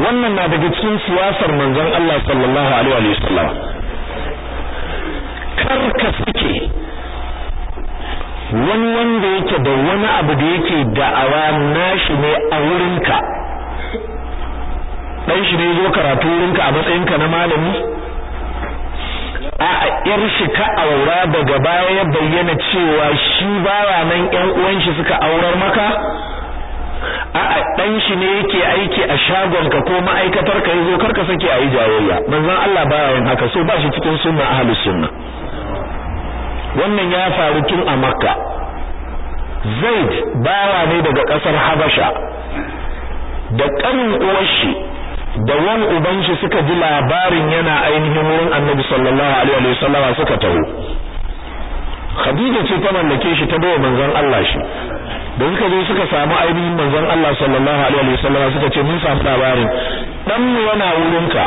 wannan na daga cikin siyasar manzon Allah sallallahu alaihi wa sallam kar ka sake wani wanda yake da wani abu da yake da'awa nashi ne a wurinka dan shi ne zo karatu rinka a matsayinka na malami a yar shi ka aura daga baya ya bayyana cewa shi baya nan ƴan uwan shi suka aurar maka a a dan shi ne yake aiki a shagonka ko ma'aikatar ka yazo karka sake ayi jayayya manzon Allah baya yin haka so ba shi cikin sunna ahli sunna wannan ya faru tun a makka zaid bawa ne daga kasar habasha da kanin uwar shi da wani uban shi suka ji labarin yana ainihin wurin annabi sallallahu alaihi wa sallam suka taho khadija ce ta mallake shi ta bawa manzon Allah shi da suka zo suka samu ainihin manzon Allah sallallahu alaihi wa sallam suka ce mun samu labarin dan mu yana wurin ka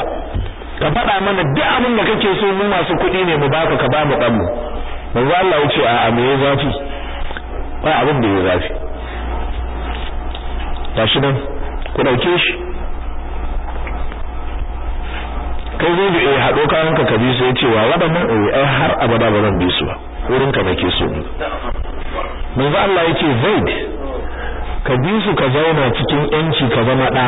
Ka faɗa mana duk abin da kake so mu masu kuɗi ne mu baka ka ba mu dan mu manzon Allah ya ce a'a me ya zafi ba abin da ya zafi tashi nan ku dauke shi kai zai eh hado kayan ka kabi su ce wa wadannan eh har abada ba zan bi su ba wurin ka nake so manzo Allah yace zaid ka bi su ka zauna cikin yanci ka zama ɗa?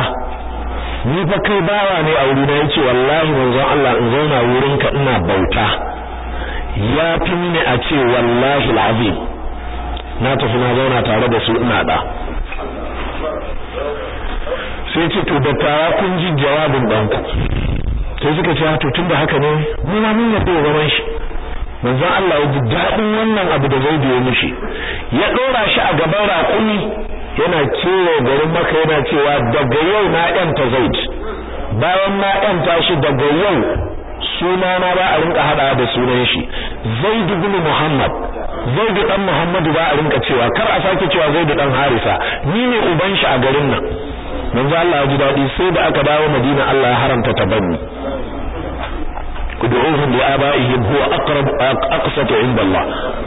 ni fa kai bawa ne a wurina yace wallahi manzo Allah in zauna wurin ka ina bauta ya fi ne a ce wallahi alazim na tafi na zauna tare da su ina da sai ce to da kun ji jawabin danku sai suka ce to tunda haka ne mu ma mun yarda gaban shi manzo Allah ya ji daɗin wannan abu da zai biyo mishi ya ɗora shi a gaban raƙumi yana cewa garin maka yana cewa daga yau na ta zaid bayan na ɗanta shi daga yau suna na ba a rinka hada da sunan shi zaid ibn muhammad zaid dan muhammad ba a rinka cewa kar a sake cewa zaid dan harisa ni ne uban shi a garin nan manzo Allah ya ji dadi sai da aka dawo Madina Allah ya haramta tabanni ud'uhum li aba'ihim huwa aqrab aqsat 'inda Allah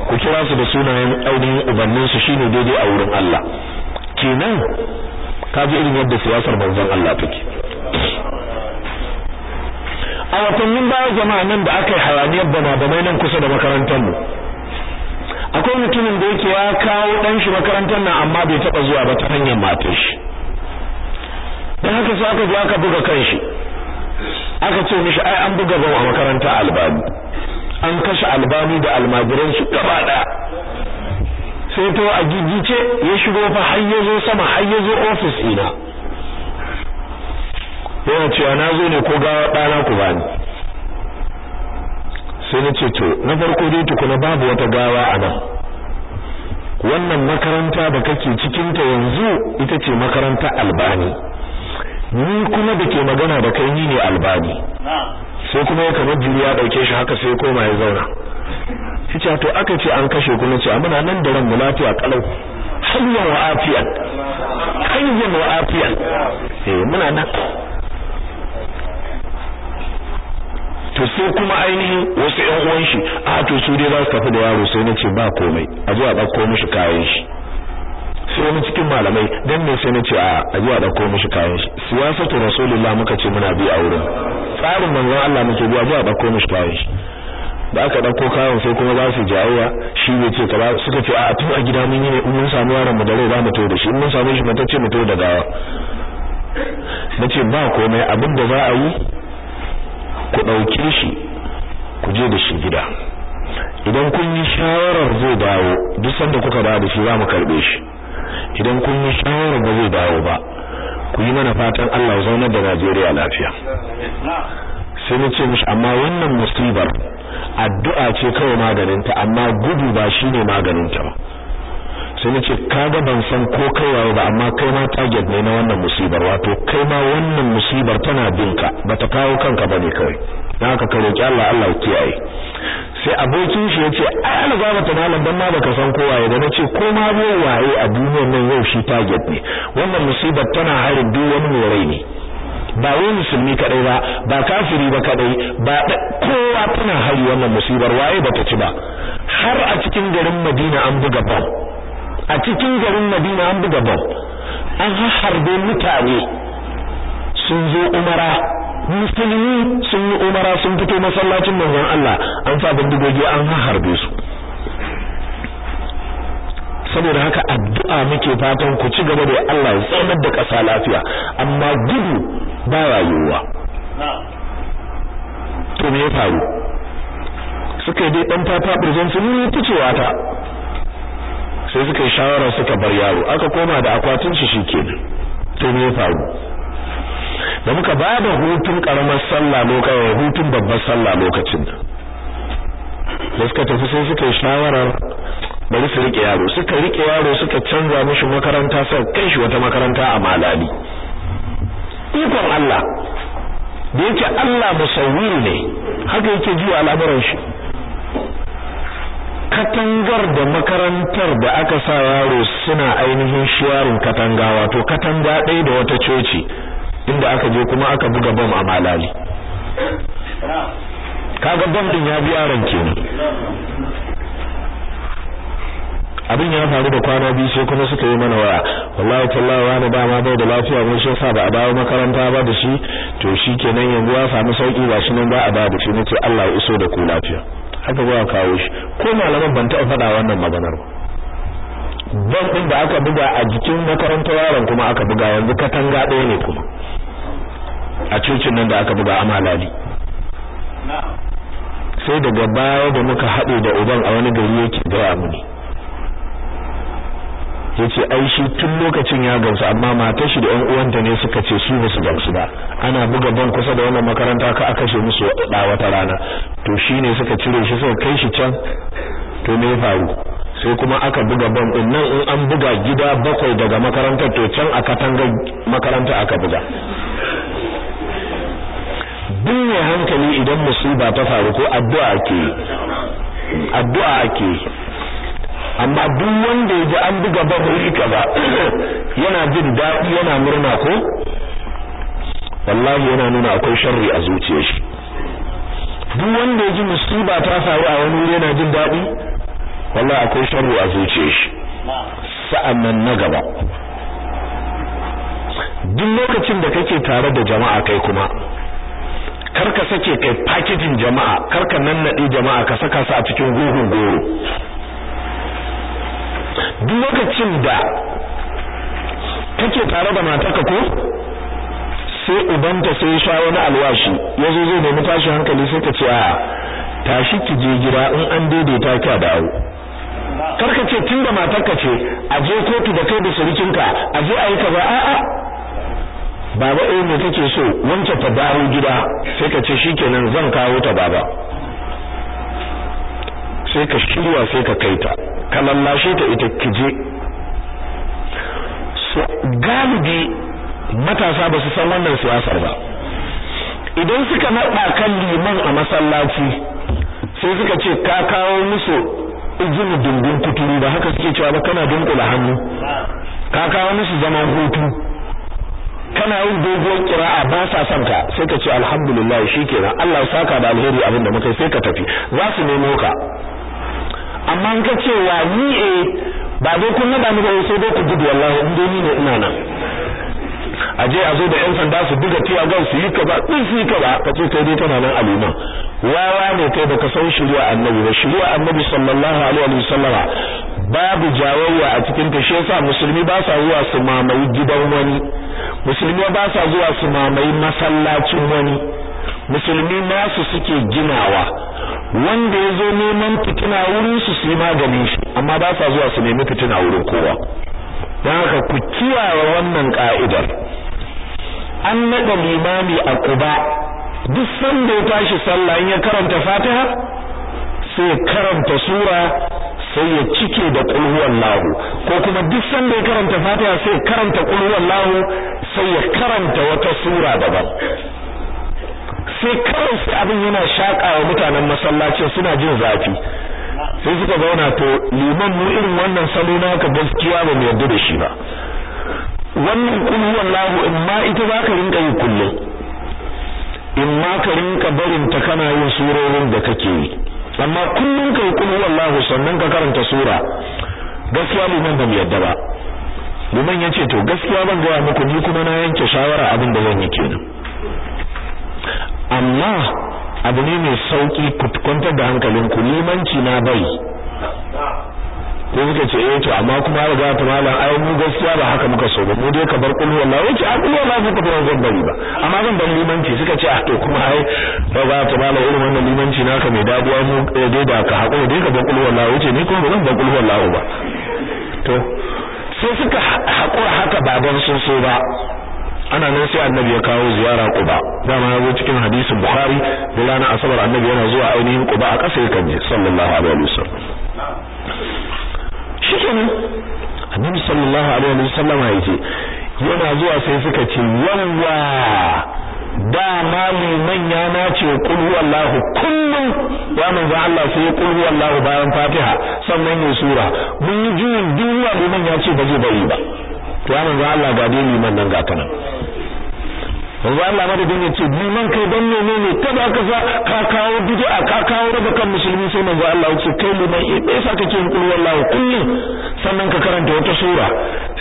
ku kira su da sunayen ainihin ubannin su shine daidai a wurin Allah kenan kaji irin yadda siyasar manzon Allah take a watannin baya jama'a nan da aka yi hayaniyar bana da nan kusa da makarantar mu akwai mutumin da yake ya kawo dan shi makarantar nan amma bai taba zuwa ba ta hanyar matar shi dan haka sai aka je aka buga kan shi aka ce mishi ai an buga bau a makaranta albani an kashe albani da almajiran su gaba sai to a gigice ya shigo fa har ya sama har ya zo office ina yana cewa na zo ne ko gawa ɗana ku bani sai na ce to na farko dai tukuna babu wata gawa a nan wannan makaranta da kake cikinta yanzu ita ce makaranta albani ni kuma da ke magana da kai ni ne albani sai kuma ya kamar jiri ya dauke shi haka sai koma ya zauna shi ce to aka ce an kashe ku ce muna nan da ranmu lafiya kalau hanyar wa afiyan hanyar wa afiyan eh muna nan to sai kuma ainihin wasu ƴan uwan shi a to su dai za su tafi da yaro sai na ce ba komai a zo a dauko mishi kayan shi sai wani cikin malamai dan me sai nace a aje da ko mushi kayan shi siyasatu rasulullah muka ce muna bi a wurin tsarin manzon Allah muke bi aje da ko mushi kayan shi da aka dauko kayan sai kuma za su jayayya shi ne ce kaza suka ce a tun a gida mun yi ne mun samu yaron mu da rai za mu tafi da shi mun samu shi mata ce mu tafi da gawa nace ba komai abin da za a yi ku dauke shi ku je da shi gida idan kun yi shawarar zai dawo duk sanda kuka dawo da shi za mu karbe shi idan kun yi shawara ba zai dawo ba ku yi mana fatan Allah ya zaunar da Najeriya lafiya sai na ce mishi amma wannan musibar addu'a ce kawai maganinta amma gudu ba shine maganinta ba sai nace kaga ban san ko kai waye ba amma kai ma target ne na wannan musibar wato kai ma wannan musibar tana binka bata kawo kanka bane kawai dan haka ka roki Allah Allah ya kiyaye sai abokin shi yace ai Allah ba ta malam dan ma baka san ko waye da nace ko ma waye a duniyar nan yau shi target ne wannan musibar tana harin duk wani mai ne ba wai musulmi kadai ba ba kafiri ba kadai ba kowa tana hari wannan musibar waye bata ci ba har a cikin garin Madina an buga bam a cikin garin madina an buga bom an harbe mutane sun zo umara musulmi sun yi umara sun fito masallacin manzon Allah an fa bindigogi an harbe su saboda haka addu'a muke fatan ku ci gaba da Allah ya tsamar da ƙasa lafiya amma gudu ba rayuwa to me ya faru suka yi dai dan fafa burzon sun yi ficewa ta sai suka yi shawara suka bar yaro aka koma da akwatin shi shikenan to me faru da muka ba da hutun karamar sallah lokacin hutun babbar sallah lokacin da suka tafi sai suka yi shawarar bari su rike yaro suka rike yaro suka canza mishi makaranta sai kai shi wata makaranta a malami. ikon Allah da yake Allah musawwir ne haka yake ji al'amuran shi katangar da makarantar da aka sa yaro suna ainihin shiyarin katanga wato katanga ɗaya da wata coci inda aka je kuma aka buga bom a malali kaga bom din ya bi yaron kenan abin ya faru da kwana biyu sai kuma suka yi mana waya wallahi tallahi na dama bai da lafiya mun shi sa ba a dawo makaranta ba da shi to shi shikenan yanzu ya samu sauki ba shi nan ba a dawo da shi nace Allah ya iso da ku lafiya aka zo kawo shi ko malaman ban taɓa faɗa wannan maganar ban ɗin da aka buga a jikin makarantar yaron kuma aka buga yanzu katanga ɗaya ne kuma a cocin nan da aka buga a malali sai daga baya da muka haɗu da uban a wani gari yake gaya ne. yace ai shi tun lokacin ya gamsu amma matar shi da ƴan uwanta ne suka ce su ba su gamsu ba ana buga ban kusa da wannan makaranta ka aka shi musu da wata rana to shi ne suka cire shi suka kai shi can to me ya faru sai kuma aka buga ban din nan in an buga gida bakwai daga makarantar to can a katangar makaranta aka buga duk hankali idan musiba ta faru ko addu'a ke addu'a ake amma duk wanda ya ji an buga yi kaza yana jin daɗi yana murna ko wallahi yana nuna akwai sharri a zuciyar shi duk wanda ya ji musiba ta faru a wani wuri yana jin daɗi wallahi akwai sharri a zuciyar shi sa'an nan na gaba duk lokacin da kake tare da jama'a kai kuma karka sake kai packaging jama'a karka nannade jama'a ka saka su a cikin gugun goro duk lokacin da kake tare da matarka ko sai ubanta sai ya sha wani alwashi ya zai nemi tashi hankali sai ta ce a tashi ki je gida in an daidaita ka dawo karka ce tun da matarka ce a je kotu da kai da surukinka a je a yi kaza a baba eh me kake so wanke ta dawo gida sai ka ce shikenan zan kawo ta baba sai ka shirya sai ka kaita ka lallashe ta ita kije so galibi matasa ba su san wannan siyasar ba idan suka naɗa kan liman a masallaci sai suka ce ka kawo musu izini dungun kuturu ba haka suke cewa ba kana dunkula hannu ka kawo musu zaman hutu kana yin doguwar kira'a ba sa son ka sai ka ce alhamdulillah shikenan Allah ya saka da alheri abinda da muka sai ka tafi za su nemo ka amma in ka ce wa ni eh ba dai kun nada mu eh, sai dai ku gudu wallahi in ni ne ina nan a je a zo da yan sanda su buga tiya gan su yi kaza din su yi kaza ka ce kai dai tana nan aliman wawa ne kai baka san a annabi ba shari'a annabi sallallahu alaihi wa sallam. babu jawawa a cikin ta shi yasa musulmi ba sa zuwa su mamayi gidan wani musulmi ba sa zuwa su mamayi masallacin wani musulmi nasu suke ginawa wanda ya zo neman fitina wurin su su yi maganin shi amma ba sa zuwa su nemi fitina wurin kowa don haka ku kiyaye wannan ka'idar an naɗa limami a kuba duk sanda ya tashi sallah in ya karanta fatiha sai karanta sura sai ya cike da kulhuwan lahu ko kuma duk sanda ya karanta fatiha sai karanta kulhuwan lahu sai ya karanta wata sura daban sai kawai sai abin yana wa mutanen masallacin suna jin zafi sai suka zauna to liman mu irin wannan salo na ka gaskiya ba mu yarda da shi ba wannan kullu wallahu in ma ita za ka rinka yi kullum in ma ka rinka barin ta kana yin surorin da kake yi amma kullum ka yi kullu wallahu sannan ka karanta sura gaskiya liman ba mu yarda ba liman ya ce to gaskiya ban gaya muku ni kuma na yanke shawara abin da zan yi kenan amma abu ne mai sauki kwantar da hankalinku limanci na bai ko suka ce eh to amma kuma ya gata malam ai mu gaskiya ba haka muka so ba mu dai ka bar kullu wallahi wace a ah, kullu wallahi suka fara zan bari ba amma zan bar limanci suka ce ah to kuma ai riga ta malam irin wannan limanci naka mai dabuwa mu eh, dai da ka hakuri dai ka bar kullu wallahi wace ni kuma ba zan bar kullu wallahi ba to sai suka hakura haka baban sun so ba ana nan sai annabi ya kawo ziyara Quba dama ya zo cikin hadisin Bukhari da lana asabar annabi yana zuwa ainihin Quba a kasa yakan je sallallahu alaihi wasallam shikenan annabi sallallahu alaihi wasallam ya ce yana zuwa sai suka ce yawa da ma mali manya na ce kul huwallahu kullum ya manzo Allah sai ya kul huwallahu bayan Fatiha sannan ya sura mun yi juyin duniya domin manya ce ba zai bari ba to ya manzo Allah ga dai liman nan ga kanan yanzu Allah madadin ya ce liman kai dan ne ne kada ka sa ka kawo bid'a ka kawo raba kan musulmi sai manzo Allah ya ce kai ne mai eh, me yasa kake yin kullu wallahi kullu sannan ka karanta wata sura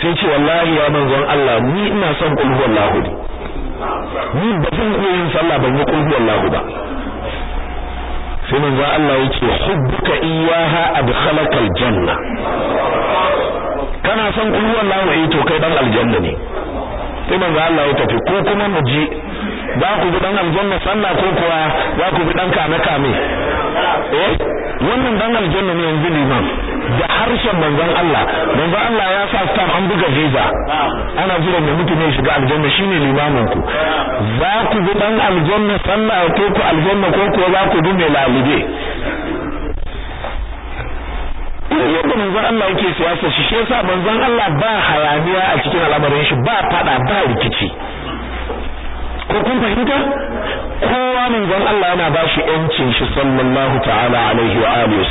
sai ce wallahi ya manzon Allah ni ina son kullu wallahi ni ba zan iya yin sallah ban yi kullu wallahi ba sai manzo Allah ya ce hubbuka iyyaha adkhalakal janna kana son kullu wallahi eh, to kai dan aljanna ne sai manzo Allah ya tafi ko kuma mu ji za ku bi dan aljanna sallah ko kuwa za ku bi dan kame kame eh wannan dan aljanna ne yanzu liman da harshen manzon Allah manzon Allah ya sa stamp an buga visa ana jira ne mutune ya shiga aljanna shine limamin ku za ku bi dan aljanna sallah ko ku aljanna ko kuwa za ku bi mai lalube irin yadda manzon Allah yake siyasa shi shi yasa manzon Allah ba hayaniya a cikin al'amarin shi ba fada ba rikici ko kun fahimta kowa manzon Allah yana ba shi yancin shi sallallahu ta'ala alaihi wa alihi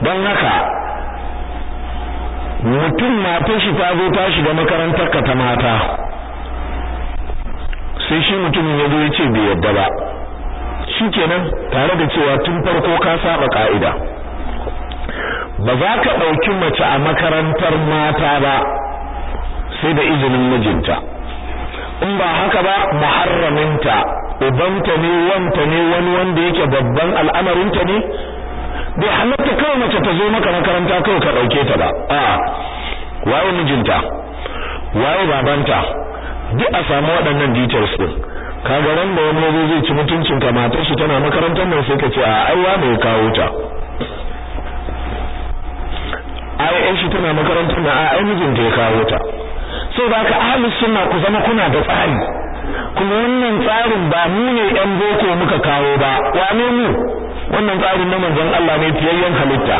don haka mutum matar shi ta zo ta shiga makarantar ka ta mata sai shi mutumin ya zo ya ce bai yadda ba kenan tare da cewa tun farko ka saba ka'ida ba za ka ɗauki mace a makarantar mata ba sai da izinin mijinta in ba haka ba muharraminta ubanta ne wanta ne wani wanda yake babban al'amarinta ne bai halatta kawai mace ta zo maka makaranta kawai ka ɗauke ta ba a waye mijinta waye babanta duk a samu waɗannan details din kaga ran da wani zai ci mutuncinka ka tana makarantar nan sai ka ce a aiwa mai kawo ta ai shi tana makarantar na ainihin da ya kawo ta so da ka ahlus sunna ku zama kuna da tsari kuma wannan tsarin ba mu ne ɗan boko muka kawo ba wane mu wannan tsarin na manzon Allah ne fiyayyen halitta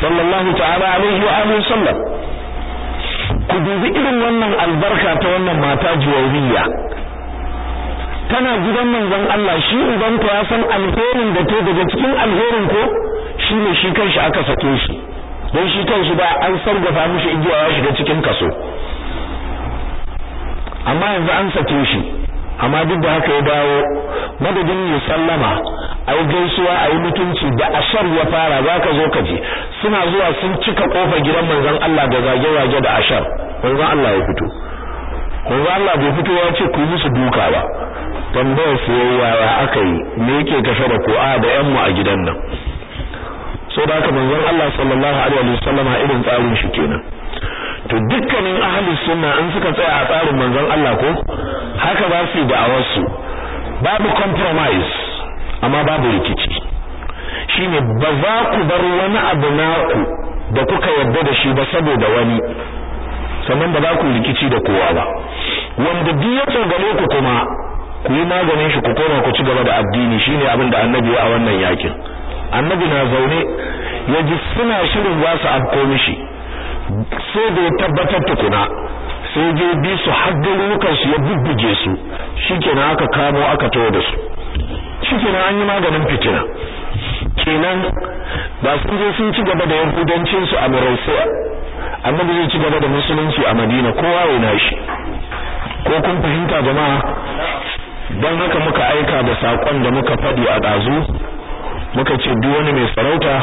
sallallahu ta'ala alaihi wa alihi sallam ku dubi irin wannan albarka ta wannan mata juwairiya tana gidan manzon Allah shi ubanta ya san alherin da ke daga cikin alherin ko shine shi kanshi aka sake shi don shi kanshi ba an sargafa mishi igiya ya shiga cikin kaso amma yanzu an sake shi amma duk da haka ya dawo madadin ya sallama ai gaisuwa ai mutunci da ashar ya fara ka zo ka ji suna zuwa sun cika kofa gidan manzon Allah da zage-zage da ashar manzon Allah ya fito manzon Allah bai fito ya ce ku musu duka ba tambayar su ya aka yi me yake tafe da ko a da yan mu a gidan nan so da haka manzon Allah sallallahu alaihi wasallam irin tsarin shi kenan to dukkanin ahli sunna an suka tsaya a tsarin manzon Allah ko haka za su da a babu compromise amma babu rikici shine ba za ku bar wani abu naku da kuka yarda da shi ba saboda wani sannan ba za ku rikici da kowa ba wanda duk ya tsogale ku kuma ku yi maganin shi ku koma ku ci gaba da addini shine abin da annabi ya a wannan yakin annabi na zaune ya ji suna shirin za su afko mishi sai da ya tabbatar tukuna sai ya bi su har garurukan su ya bubbuge su shikenan aka kamo aka tawo da su shikenan an yi maganin fitina kenan ba sun je sun ci gaba da yahudancin su a Muraisiya annabi zai ci gaba da musulunci a Madina kowa ya shi ko kun fahimta jama'a don haka muka aika da sakon da muka fadi a ɗazu. muka ce duk wani mai sarauta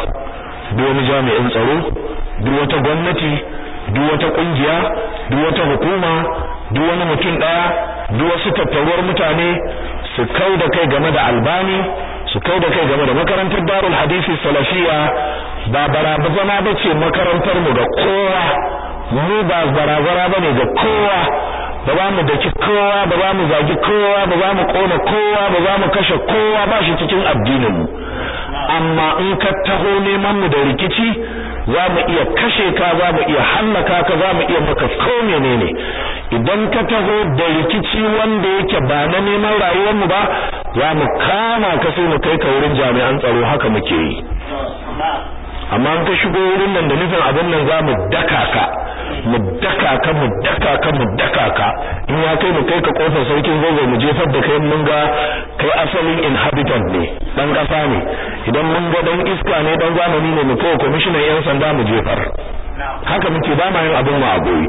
duk wani jami'in tsaro duk wata gwamnati duk wata kungiya duk wata hukuma duk wani mutum daya duk wasu tattaruwar mutane su kau da kai game da albani su kau da kai game da makarantar darul hadisi salafiya ba barazana ba ce makarantar mu ga kowa mu ba barabara bane ga kowa ba za mu daki kowa ba za mu zagi kowa ba za mu kona kowa ba za mu kashe kowa ba shi cikin addinin mu amma in ka taho neman mu da rikici za mu iya kashe ka za mu iya hallaka ka za mu iya maka ne menene idan ka taho da rikici wanda yake ba na neman rayuwar mu ba za mu kama ka sai mu kai ka wurin jami'an tsaro haka muke yi amma an ka shigo wurin nan da nufin abin nan za mu daka ka mu daka ka mu daka ka mu daka ka in ya kai mu kai ka kofar sarkin zai mu jefar da kai mun ga kai asalin inhabitant ne dan kasa ne idan mun ga dan iska ne dan zamani ne mu kai kwamishinan yan sanda mu jefar haka muke ba ma yin abin mu a goyi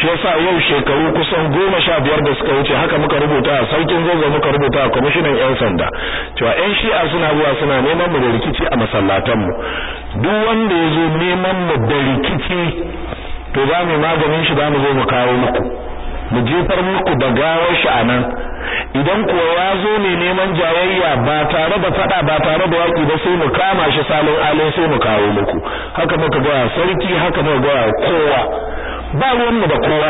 shi yasa yau shekaru kusan goma sha biyar da suka wuce haka muka rubuta a saukin zozo muka rubuta a kwamishinan yan sanda cewa yan shi'a suna zuwa suna neman mu da rikici a masallatan mu duk wanda ya zo neman mu da rikici to za mu maganin shi za mu zo mu kawo muku mu jefar muku da gawar shi a nan idan kuwa ya zo ne neman jayayya ba tare da fada ba tare da waki ba sai mu kama shi salon alai sai mu kawo muku haka muka ga sarki haka muka ga kowa ba ruwanmu da kowa